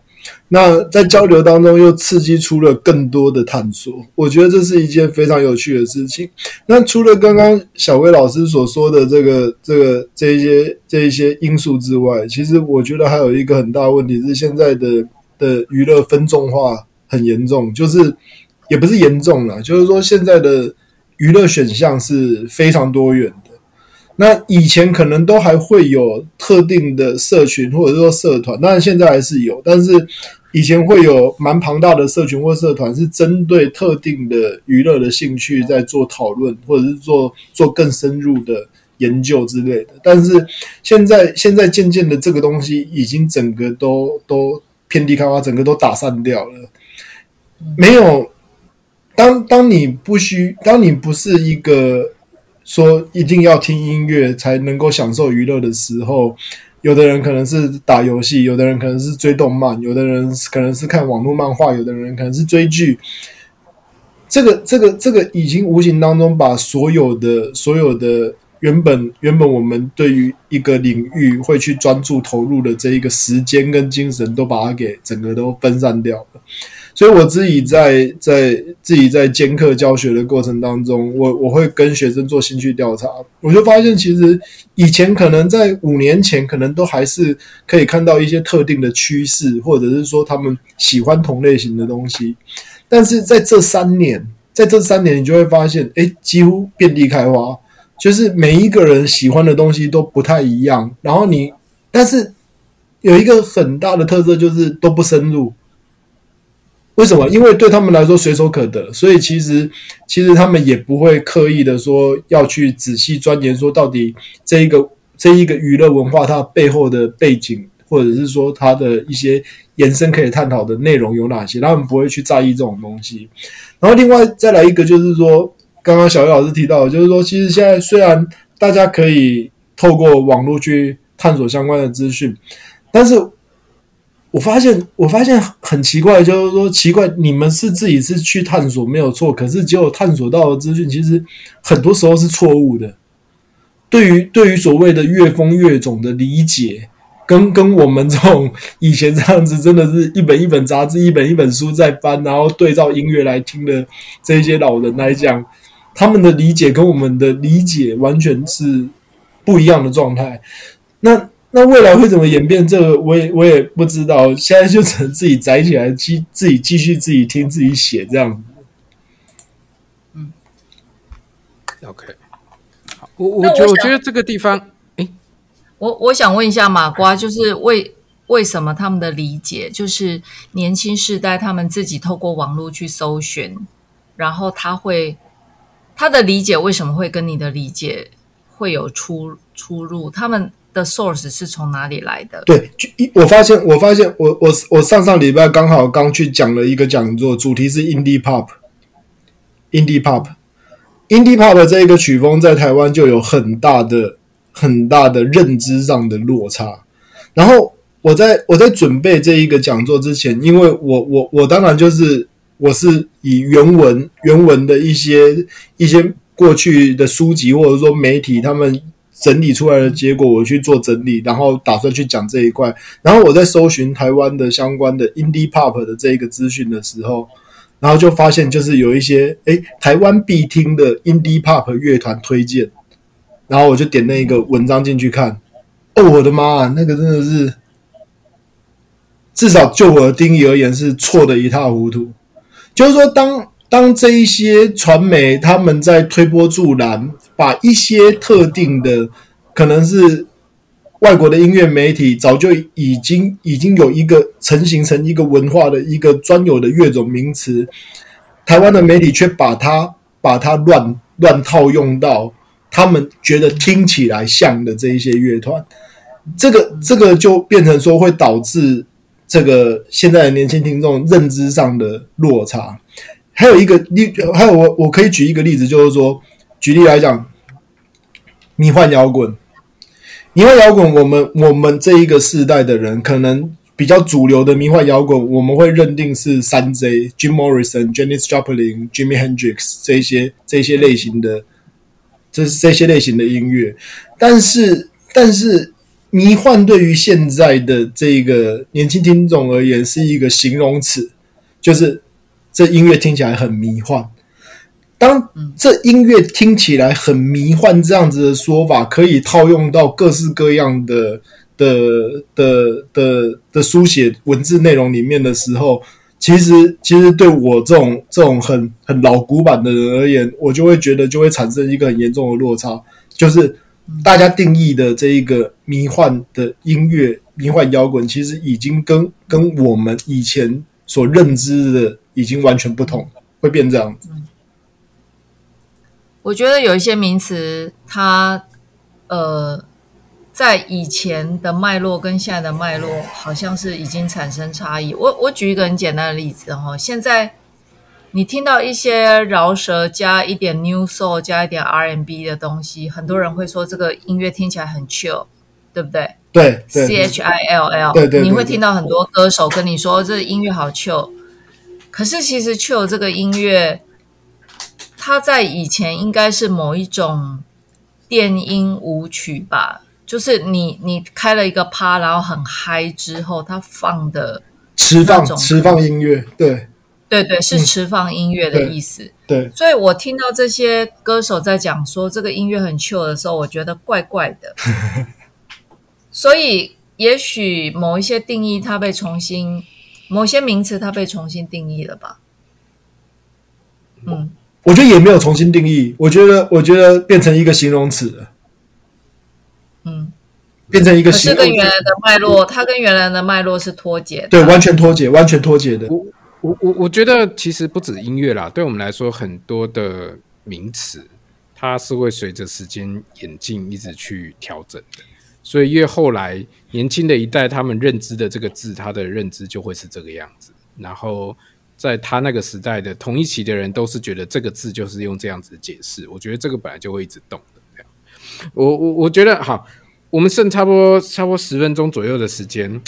那在交流當中又刺激出了更多的探索，我覺得這是一件非常有趣的事情。那除了剛剛小威老師所說的這個、這個、這一些、這一些因素之外，其實我覺得還有一個很大的問題是現在的的娛樂分眾化很嚴重，就是也不是嚴重啦，就是說現在的娛樂選項是非常多元的。那以前可能都還會有特定的社群或者說社團，但是現在還是有，但是。以前會有蠻龐大的社群或社團，是針對特定的娛樂的興趣在做討論，或者是做做更深入的研究之類的。但是現在，現在漸漸的這個東西已經整個都都遍地開花，整個都打散掉了。沒有，當當你不需，當你不是一個說一定要聽音樂才能夠享受娛樂的時候。有的人可能是打遊戲，有的人可能是追動漫，有的人可能是看網絡漫畫，有的人可能是追劇。這個、這個、這個已經無形當中把所有的、所有的原本原本我們對於一個領域會去專注投入的這一個時間跟精神，都把它給整個都分散掉了。所以我自己在在，在自己在兼課教學的過程當中，我我會跟學生做興趣調查，我就發現，其實以前可能在五年前，可能都還是可以看到一些特定的趨勢，或者是說他們喜歡同類型的東西。但是在這三年，在這三年，你就會發現，哎、欸，幾乎遍地開花，就是每一個人喜歡的東西都不太一樣。然後你，但是有一個很大的特色就是都不深入。為什麼？因為對他們來說，隨手可得，所以其實其實他們也不會刻意的說要去仔細鑽研，說到底這一個這一個娛樂文化它背後的背景，或者是說它的一些延伸可以探討的內容有哪些，他們不會去在意這種東西。然後另外再來一個就是說，剛剛小威老師提到的，就是說其實現在雖然大家可以透過網絡去探索相關的資訊，但是。我發現，我發現很奇怪，就是說奇怪，你們是自己是去探索沒有錯，可是只有探索到的資訊，其實很多時候是錯誤的。對於對於所謂的樂風樂種的理解，跟跟我們這種以前這樣子，真的是一本一本雜誌，一本一本書在翻，然後對照音樂來聽的這些老人來講，他們的理解跟我們的理解完全是不一樣的狀態。那。那未來會怎麼演變？這個我也我也不知道。現在就只能自己宅起來，自己繼續自己聽自己寫這樣。嗯，OK，我我覺得我覺得這個地方，哎，我我想問一下馬瓜，就是為為什麼他們的理解就是年輕時代他們自己透過網絡去搜尋，然後他會他的理解為什麼會跟你的理解會有出出入？他們。的 source 是從哪裡來的？對，我發現，我發現，我我我上上禮拜剛好剛去講了一個講座，主題是 Indie Pop，Indie Pop，Indie Pop, pop, pop 的這一個曲風在台灣就有很大的很大的認知上的落差。然後我在我在準備這一個講座之前，因為我我我當然就是我是以原文原文的一些一些過去的書籍或者說媒體他們。整理出來的結果，我去做整理，然後打算去講這一塊。然後我在搜尋台灣的相關的 indie pop 的這個資訊的時候，然後就發現就是有一些誒、欸、台灣必聽的 indie pop 樂團推薦。然後我就點那個文章進去看，哦，我的媽啊，那個真的是，至少就我的定義而言是錯的一塌糊塗。就是說當，當當這一些傳媒他們在推波助瀾。把一些特定的，可能是外國的音樂媒體早就已經已經有一個成形成一個文化的一個專有的樂種名詞，台灣的媒體卻把它把它亂亂套用到他們覺得聽起來像的這一些樂團，這個這個就變成說會導致這個現在的年輕聽眾認知上的落差。還有一個例，還有我我可以舉一個例子，就是說。舉例來講，迷幻搖滾，迷幻搖滾，我們我們這一個世代的人，可能比較主流的迷幻搖滾，我們會認定是三 J、Jim Morrison、Janice Joplin、Jimi Hendrix 這些這些類型的，這是這些類型的音樂。但是，但是迷幻對於現在的這個年輕聽眾而言是一個形容詞，就是這音樂聽起來很迷幻。當這音樂聽起來很迷幻，這樣子的說法可以套用到各式各樣的的的的的書寫文字內容裡面的時候，其實其實對我這種這種很很老古板的人而言，我就會覺得就會產生一個很嚴重的落差，就是大家定義的這一個迷幻的音樂，迷幻搖滾，其實已經跟跟我們以前所認知的已經完全不同，會變這樣子。我覺得有一些名詞，它呃，在以前的脈絡跟現在的脈絡，好像是已經產生差異。我我舉一個很簡單的例子哈，現在你聽到一些饒舌加一點 new soul 加一點 R&B 的東西，很多人會說這個音樂聽起來很 chill，對不對？對，對，對，C H I L L。對對，對對你會聽到很多歌手跟你說這音樂好 chill，可是其實 chill 這個音樂。它在以前應該是某一種電音舞曲吧，就是你你開了一個趴，然後很嗨之後，它放的吃放吃放音樂，對，對對對，是吃放音樂的意思。嗯、對，對所以我聽到這些歌手在講說這個音樂很潮的時候，我覺得怪怪的。 所以也許某一些定義它被重新，某些名詞它被重新定義了吧？嗯。我覺得也沒有重新定義，我覺得，我覺得變成一個形容詞，嗯，變成一個形容詞。跟原來的脈絡，它跟原來的脈絡是脫節的，對，完全脫節，完全脫節的。我我我覺得，其實不止音樂啦，對我們來說，很多的名詞，它是會隨着時間演進，一直去調整的。所以，越後來年輕的一代，他們認知的這個字，他的認知就會是這個樣子。然後。在他那個時代的同一期的人都是覺得這個字就是用這樣子解釋，我覺得這個本來就會一直動的，我我我覺得好，我們剩差不多差不多十分鐘左右的時間，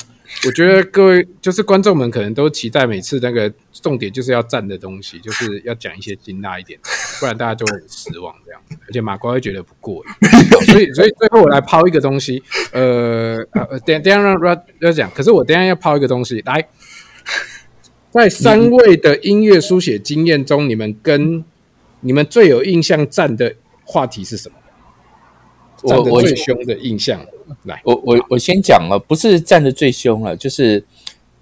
我覺得各位就是觀眾們可能都期待每次那個重點就是要站的東西，就是要講一些辛辣一點的，不然大家就會失望這樣。而且馬哥會覺得不過癮， 所以所以最後我來拋一個東西，呃呃，等下讓讓要講，可是我等下要拋一個東西來。在三位的音樂書寫經驗中，嗯、你們跟你們最有印象站的話題是什麼？站得最凶的印象來，好我我我先講了，不是站得最凶了，就是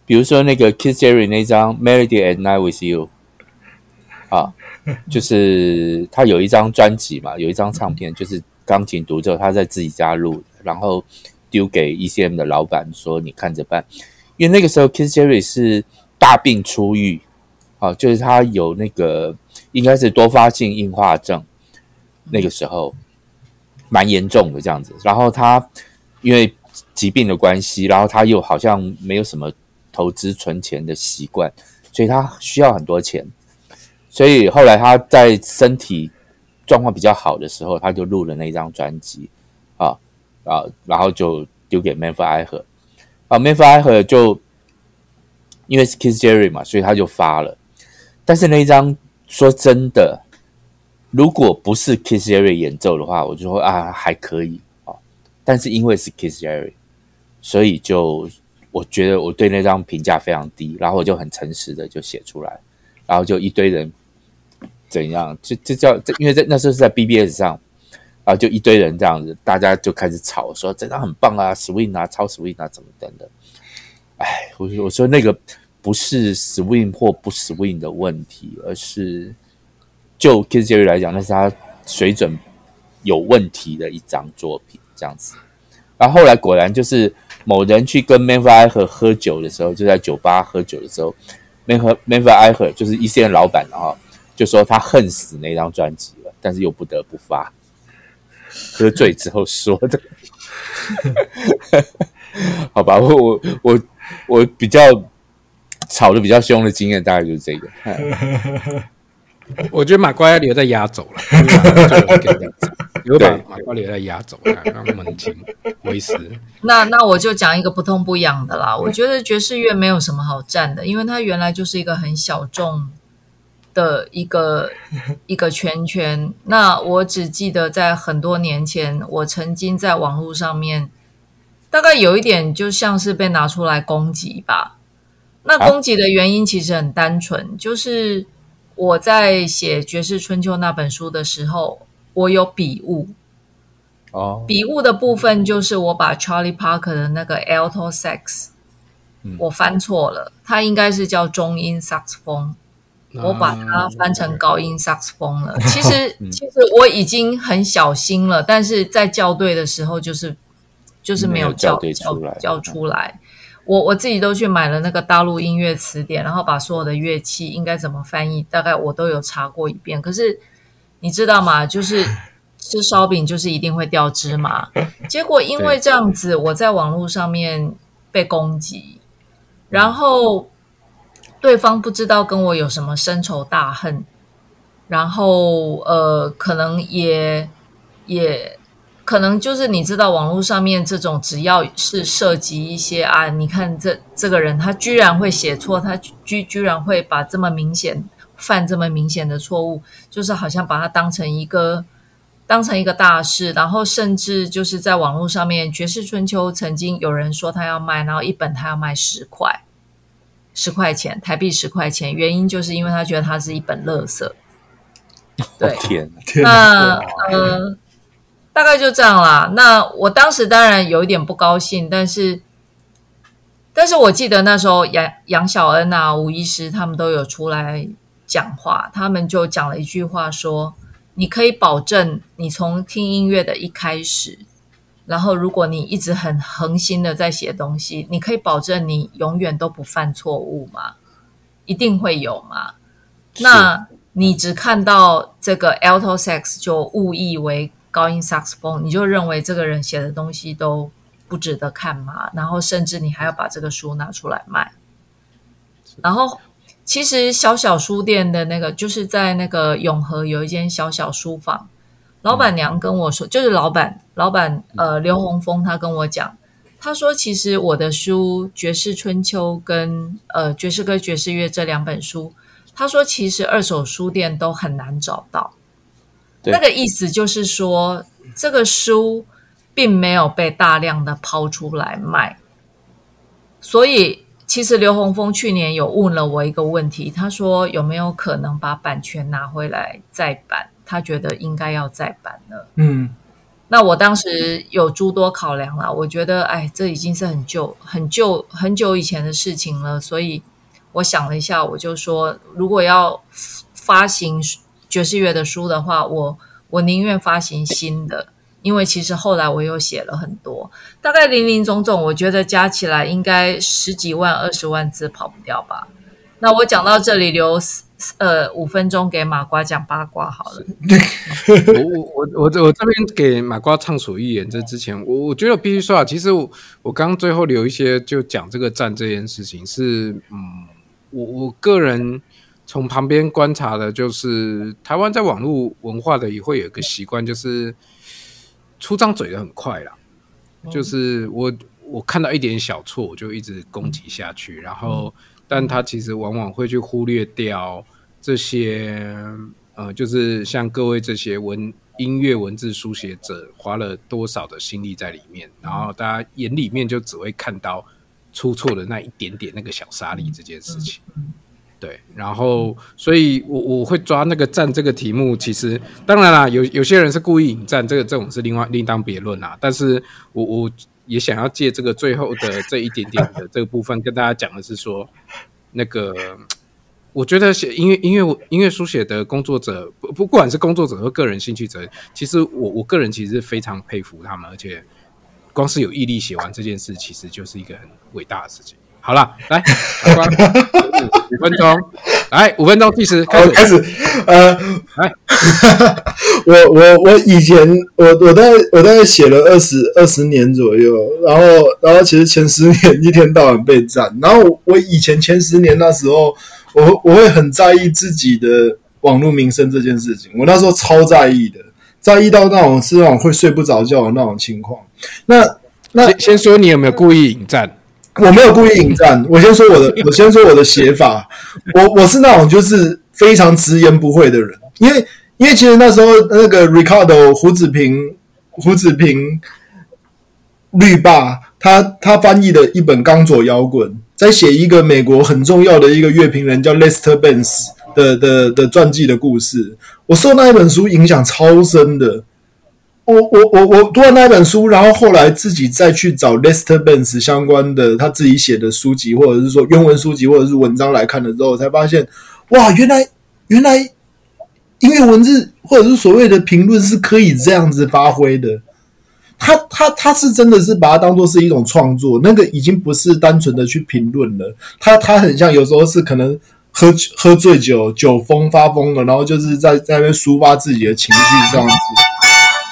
比如說那個 Kiss Jerry 那張《Melody At Night With You》啊，就是他有一張專輯嘛，有一張唱片， 就是鋼琴獨奏，他在自己家錄，然後丟給 ECM 的老板說：“你看着辦。”因為那個時候 Kiss Jerry 是。大病初癒，啊，就是他有那個應該是多發性硬化症，那個時候蠻嚴重的這樣子。然後他因為疾病的關係，然後他又好像沒有什麼投資存錢的習慣，所以他需要很多錢。所以後來他在身體狀況比較好的時候，他就錄了那張專輯，啊啊，然後就丟給 Manfred Eicher 啊 Manfred Eicher 就。因為是 Kiss Jerry 嘛，所以他就發了。但是那一張，說真的，如果不是 Kiss Jerry 演奏的話，我就說啊還可以哦。但是因為是 Kiss Jerry，所以就我覺得我對那張評價非常低，然後我就很誠實的就寫出來，然後就一堆人怎樣，就就叫因為在那時候是在 BBS 上啊，就一堆人這樣子，大家就開始吵說這張很棒啊，swing 啊，超 swing 啊，怎麼等等。哎，我說我說那個不是 swing 或不 swing 的問題，而是就 Keith Jarrett 來講，那是他水準有問題的一張作品這樣子。然後後來果然就是某人去跟 Manfred Eicher 喝酒的時候，就在酒吧喝酒的時候 Manfred Manfred Eicher 就是 ECM 的老闆哈，就說他恨死那張專輯了，但是又不得不發。喝醉之後說的， 好吧，我我我。我比較吵得比較兇的經驗，大概就是這個。我覺得馬關流在壓走了，有點 馬關流在壓走了，剛剛清那麼年輕，為師。那那我就講一個不痛不癢的啦。我覺得爵士樂沒有什麼好戰的，對因為它原來就是一個很小眾的一個一個圈圈。那我只記得在很多年前，我曾經在網絡上面。大概有一點就像是被拿出來攻擊吧。那攻擊的原因其實很單純，啊、就是我在寫《爵士春秋》那本書的時候，我有筆誤。哦，筆誤的部分就是我把 Charlie Parker 的那個 alto sax，嗯、我翻錯了，它應該是叫中音薩克斯風，我把它翻成高音薩克斯風了。嗯、其實、嗯、其實我已經很小心了，但是在校對的時候就是。就是沒有校，沒有校出來，校，校出來，我、我自己都去買了那個大陸音樂詞典，然後把所有的樂器應該怎麼翻譯，大概我都有查過一遍。可是你知道嗎？就是吃燒餅就是一定會掉芝麻， 結果因為這樣子，我在網絡上面被攻擊，然後對方不知道跟我有什麼深仇大恨，然後呃，可能也也。可能就是你知道網絡上面這種，只要是涉及一些啊，你看這這個人，他居然會寫錯，他居居然會把這麼明顯犯這麼明顯的錯誤，就是好像把它當成一個當成一個大事，然後甚至就是在網絡上面，《爵士春秋》曾經有人說他要賣，然後一本他要賣十塊十塊錢台幣十塊錢，原因就是因為他覺得它是一本垃圾。對，哦、天哪嗯。大概就這樣啦，那我當時當然有一點不高興，但是，但是我記得那時候楊楊小恩啊、吳醫師他們都有出來講話，他們就講了一句話說：“你可以保證你從聽音樂的一開始，然後如果你一直很恆心的在寫東西，你可以保證你永遠都不犯錯誤嗎？一定會有嗎？是那你只看到這個 Alto Sax 就誤以為。”高音 saxophone 你就認為這個人寫的東西都不值得看嘛，然後甚至你還要把這個書拿出來賣？然後，其實小小書店的那個，就是在那個永和有一間小小書房，老板娘跟我說，就是老板，老板呃，劉洪峰他跟我講，他說其實我的書《爵士春秋》跟呃《爵士歌》《爵士樂》這兩本書，他說其實二手書店都很難找到。那個意思就是說，對這個書並沒有被大量的拋出來賣，所以其實劉洪峰去年有問了我一個問題，他說有沒有可能把版權拿回來再版？他覺得應該要再版了。嗯，那我當時有諸多考量了，我覺得哎，這已經是很舊、很舊、很久以前的事情了，所以我想了一下，我就說如果要發行。爵士樂的書的話，我我寧願發行新的，因為其實後來我又寫了很多，大概林林總總，我覺得加起來應該十幾萬、二十萬字跑不掉吧。那我講到這裡留四，四呃五分鐘給馬瓜講八卦好了。我我我我我這邊給馬瓜暢所欲言。這之前，我我覺得我必須說啊，其實我我剛剛最後留一些就講這個讚這件事情是，嗯，我我個人。從旁邊觀察的，就是台灣在網絡文化的也會有一個習慣，就是出張嘴的很快啦。嗯、就是我我看到一點小錯，我就一直攻擊下去。嗯、然後，但他其實往往會去忽略掉這些，呃，就是像各位這些文音樂文字書寫者花了多少的心力在裡面。然後，大家眼裡面就只會看到出錯的那一點點那個小沙粒這件事情。嗯嗯對，然後，所以我，我我會抓那個戰這個題目。其實，當然啦，有有些人是故意引戰，這個這種是另外另當別論啦，但是我，我我也想要借這個最後的這一點點的這個部分，跟大家講的是說，那個，我覺得寫音樂，音樂音樂書寫的工作者，不不管是工作者和個人興趣者，其實我我個人其實非常佩服他們，而且，光是有毅力寫完這件事，其實就是一個很偉大的事情。好了，來， 來，五分鐘，來五分鐘計時，好開始，開始，呃，來， 我我我以前我我在我在寫了二十二十年左右，然後然後其實前十年一天到晚備戰，然後我以前前十年那時候，我我會很在意自己的網絡名聲這件事情，我那時候超在意的，在意到那種是那種會睡不着覺的那種情況。那那先說你有沒有故意引戰？我沒有故意引戰。我先說我的，我先說我的寫法。我我是那種就是非常直言不諱的人，因為因為其實那時候那個 Ricardo 胡子平胡子平綠霸，他他翻譯的一本剛左搖滾，在寫一個美國很重要的一個樂評人叫 Lester Bangs 的的的傳記的故事。我受那一本書影響超深的。我我我我讀完那一本書，然後後來自己再去找 Lester Bangs 相關的他自己寫的書籍，或者是說原文書籍或者是文章來看的時候，才發現哇，原來原來音樂文字或者是所謂的評論是可以這樣子發揮的。他他他是真的是把它當做是一種創作，那個已經不是單純的去評論了。他他很像有時候是可能喝喝醉酒酒瘋發瘋了，然後就是在在那邊抒發自己的情緒這樣子。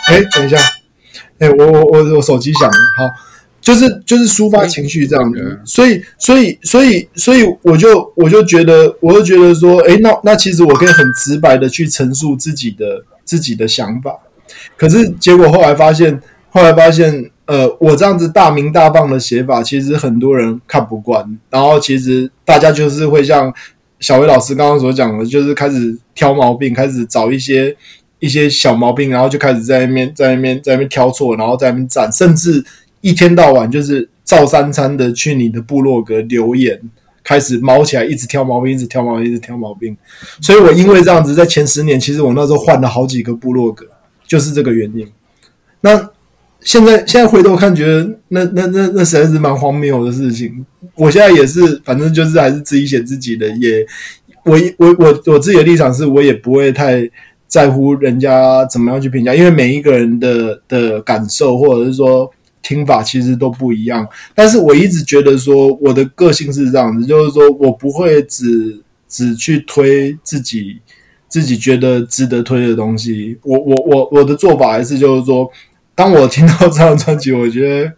哎，等一下，哎，我我我我手機響了，好，就是就是抒發情緒這樣子，所以所以所以所以，所以所以我就我就覺得我就覺得說，哎，那那其實我可以很直白的去陳述自己的自己的想法，可是結果後來發現，嗯、後來發現，呃，我這樣子大鳴大放的寫法，其實很多人看不慣，然後其實大家就是會像小威老師剛剛所講的，就是開始挑毛病，開始找一些，一些小毛病，然後就開始在那邊，在那邊，在那邊挑錯，然後在那邊站，甚至一天到晚就是照三餐的去你的部落格留言，開始毛起來，一直挑毛病，一直挑毛病，一直挑毛病。所以，我因為這樣子，在前十年，其實我那時候換了好幾個部落格，就是這個原因。那現在，現在回頭看，覺得那那那那實在是蠻荒謬的事情。我現在也是，反正就是還是自己寫自己的，也我我我我自己的立場是，我也不會太在乎人家怎麼樣去評價，因為每一個人的的感受或者是說聽法其實都不一樣。但是我一直覺得說我的個性是這樣子，就是說我不會只只去推自己自己覺得值得推的東西。我我我我的做法還是就是說，當我聽到這張專輯我覺得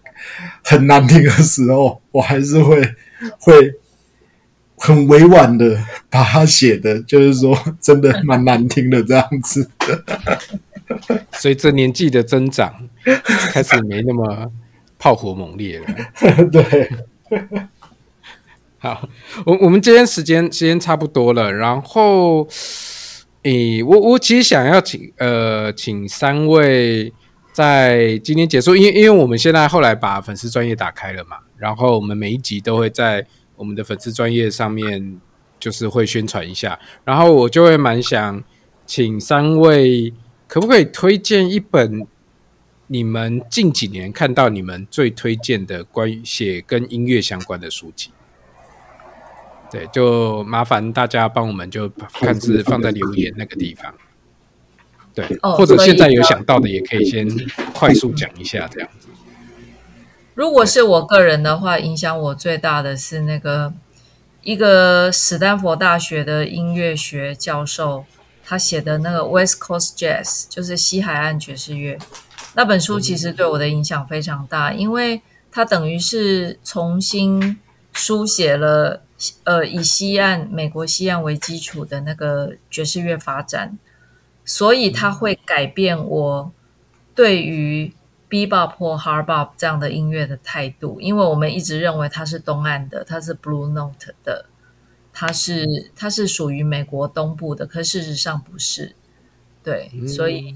很難聽的時候，我還是會會。很委婉的把他寫的，就是說真的蠻難聽的這樣子的。隨着年紀的增長，開始沒那麼炮火猛烈了。 對，好，我我們今天時間時間差不多了，然後，誒，我我其實想要請呃請三位在今天結束，因為因為我們現在後來把粉絲專頁打開了嘛，然後我們每一集都會在。我們的粉絲專頁上面就是會宣傳一下，然後我就會蠻想請三位，可不可以推薦一本你們近幾年看到你們最推薦的關於寫跟音樂相關的書籍？對，就麻煩大家幫我們，就把文字放在留言那個地方。對，或者現在有想到的也可以先快速講一下，這樣子。如果是我個人的話，影響我最大的是那個一個史丹佛大學的音樂學教授，他寫的那個《West Coast Jazz》，就是西海岸爵士樂。那本書其實對我的影響非常大，因為它等於是重新書寫了，呃，以西岸，美國西岸為基礎的那個爵士樂發展，所以它會改變我對於 B Bob 或 h a r b o 爆這樣的音樂的態度，因為我們一直認為它是東岸的，它是 Blue Note 的，它是它是屬於美國東部的，可事實上不是。對，所以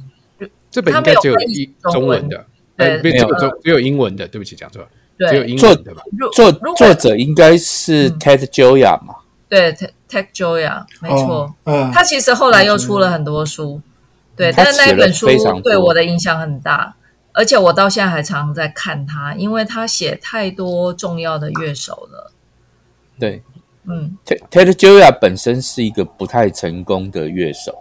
這本沒有中文的，對，沒有，只只有英文的。對不起，講錯，了。只有英文的吧？作作者應該是 Ted g i o y a 嘛？對，Ted g i o y a 沒錯。嗯，他其實後來又出了很多書，對，但是那一本書對我的影響很大。而且我到現在還常在看他，因為他寫太多重要的樂手了。對，嗯，Ted Gioia 本身是一個不太成功的樂手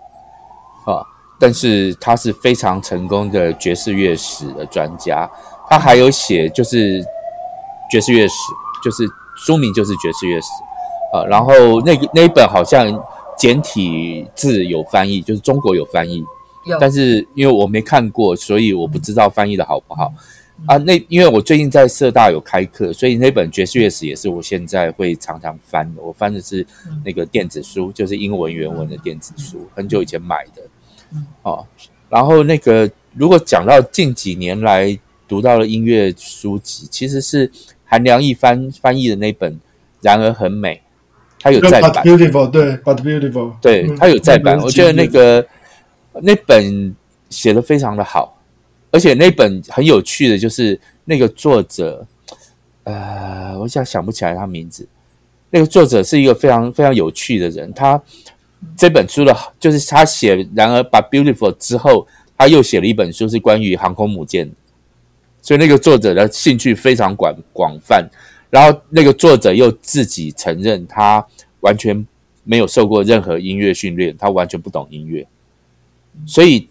啊，但是他是非常成功的爵士樂史的專家。他還有寫就是爵士樂史，就是書名就是爵士樂史啊。然後那那一本好像簡體字有翻譯，就是中國有翻譯。有但是因為我沒看過，所以我不知道翻譯的好不好、嗯、啊。那因為我最近在社大有開課，所以那本爵士樂史也是我現在會常常翻的。我翻的是那個電子書，嗯、就是英文原文的電子書，嗯、很久以前買的。嗯、哦，然後那個如果講到近幾年來讀到的音樂書籍，其實是韓良憶翻翻譯的那本《然而很美》，他有再版，beautiful 對，but beautiful，對他有再版。版嗯、我覺得那個。那本寫得非常的好，而且那本很有趣的，就是那個作者，呃，我想想不起來他名字。那個作者是一個非常非常有趣的人。他這本書的，就是他寫《然而 But Beautiful》之後，他又寫了一本書，是關於航空母艦。所以那個作者的興趣非常廣廣泛。然後那個作者又自己承認，他完全沒有受過任何音樂訓練，他完全不懂音樂。所以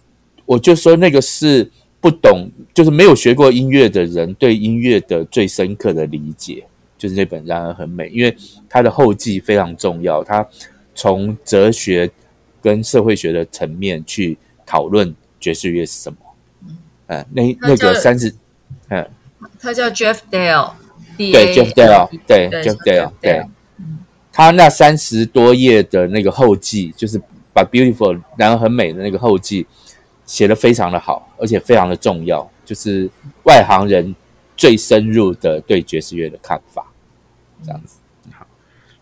我就說，那個是不懂，就是沒有學過音樂的人對音樂的最深刻的理解，就是那本《然而很美》，因為它的後記非常重要。它從哲學跟社會學的層面去討論爵士樂是什麼。嗯，那那個三十，嗯，他叫 Jeff Dale，對 Jeff Dale，對 Jeff Dale，對，他那三十多頁的那個後記就是。把《Beautiful》然後很美的那個後記寫得非常的好，而且非常的重要，就是外行人最深入的對爵士樂的看法，這樣子。好，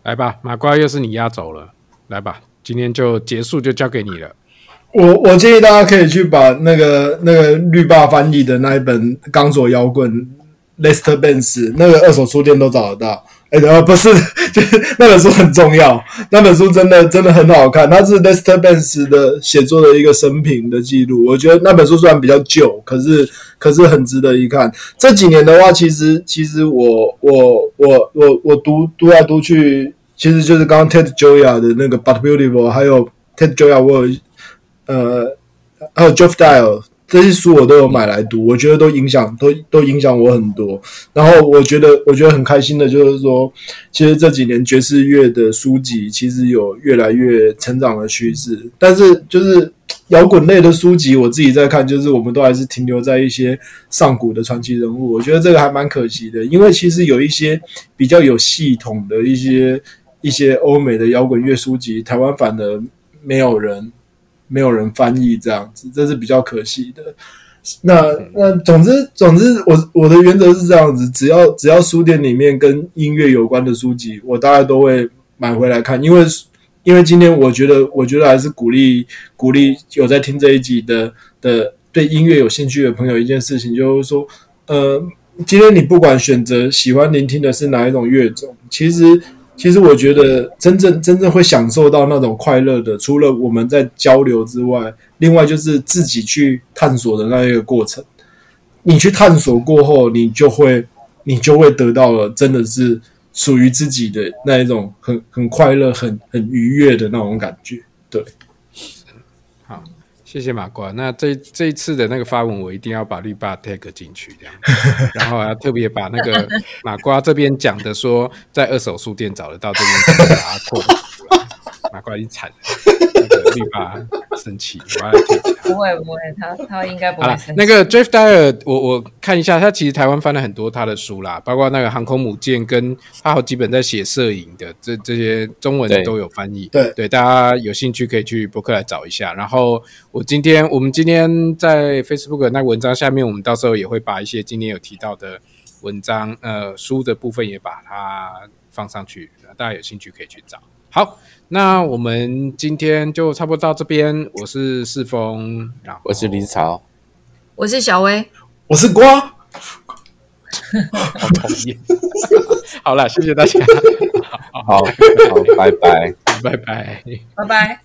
來吧，馬瓜又是你壓軸了，來吧，今天就結束，就交給你了。我我建議大家可以去把那個那個綠霸翻譯的那一本《鋼索搖滾》（Lester Benz） 那個二手書店都找得到。哎，然後、欸、不是，就 是那本書很重要。那本書真的真的很好看，它是 Lester Bangs 的寫作的一個生平的記錄。我覺得那本書雖然比較舊，可是可是很值得一看。這幾年的話，其實其實我我我我我讀讀來讀去，其實就是剛剛 Ted Gioia 的那個 But Beautiful，還有 Ted Gioia，y 我有呃，還有 Geoff Dyer。這些書我都有買來讀，我覺得都影響，都都影響我很多。然後我覺得，我覺得很開心的就是說，其實這幾年爵士樂的書籍其實有越來越成長的趨勢。但是就是搖滾類的書籍，我自己在看，就是我們都還是停留在一些上古的傳奇人物。我覺得這個還蠻可惜的，因為其實有一些比較有系統的一些一些歐美的搖滾樂書籍，台灣反而沒有人。沒有人翻譯這樣子，這是比較可惜的。那，嗯。那總之總之我，我我的原則是這樣子，只要只要書店裡面跟音樂有關的書籍，我大概都會買回來看。因為因為今天我覺得我覺得還是鼓勵鼓勵有在聽這一集的的對音樂有興趣的朋友，一件事情就是說，呃，今天你不管選擇喜歡聆聽的是哪一種樂種，其實。嗯。其實我覺得，真正真正會享受到那種快樂的，除了我們在交流之外，另外就是自己去探索的那一個過程。你去探索過後，你就會你就會得到了，真的是屬於自己的那一種很很快樂、很很愉悅的那種感覺。謝謝馬瓜，那這這一次的那個發文，我一定要把綠霸 tag 進去，這樣子， 然後還要特別把那個馬瓜這邊講的說，在二手書店找得到這邊把扣，把它 馬瓜已經慘了，那個、綠霸。神奇，我不會不會，他他應該不會生氣。那個 Drift Dyer，我我看一下，他其實台灣翻了很多他的書啦，包括那個航空母艦，跟他好幾本在寫攝影的，這這些中文都有翻譯。對對，對，大家有興趣可以去博客來找一下。然後我今天，我們今天在 Facebook 那個文章下面，我們到時候也會把一些今天有提到的文章，呃，書的部分也把它放上去。大家有興趣可以去找。好。那我們今天就差不多到這邊。我是世峰，然後我是李子潮，我是小威，我是光。 好了同意， 謝謝大家。 好，好， 拜拜，拜拜， 拜拜。拜拜。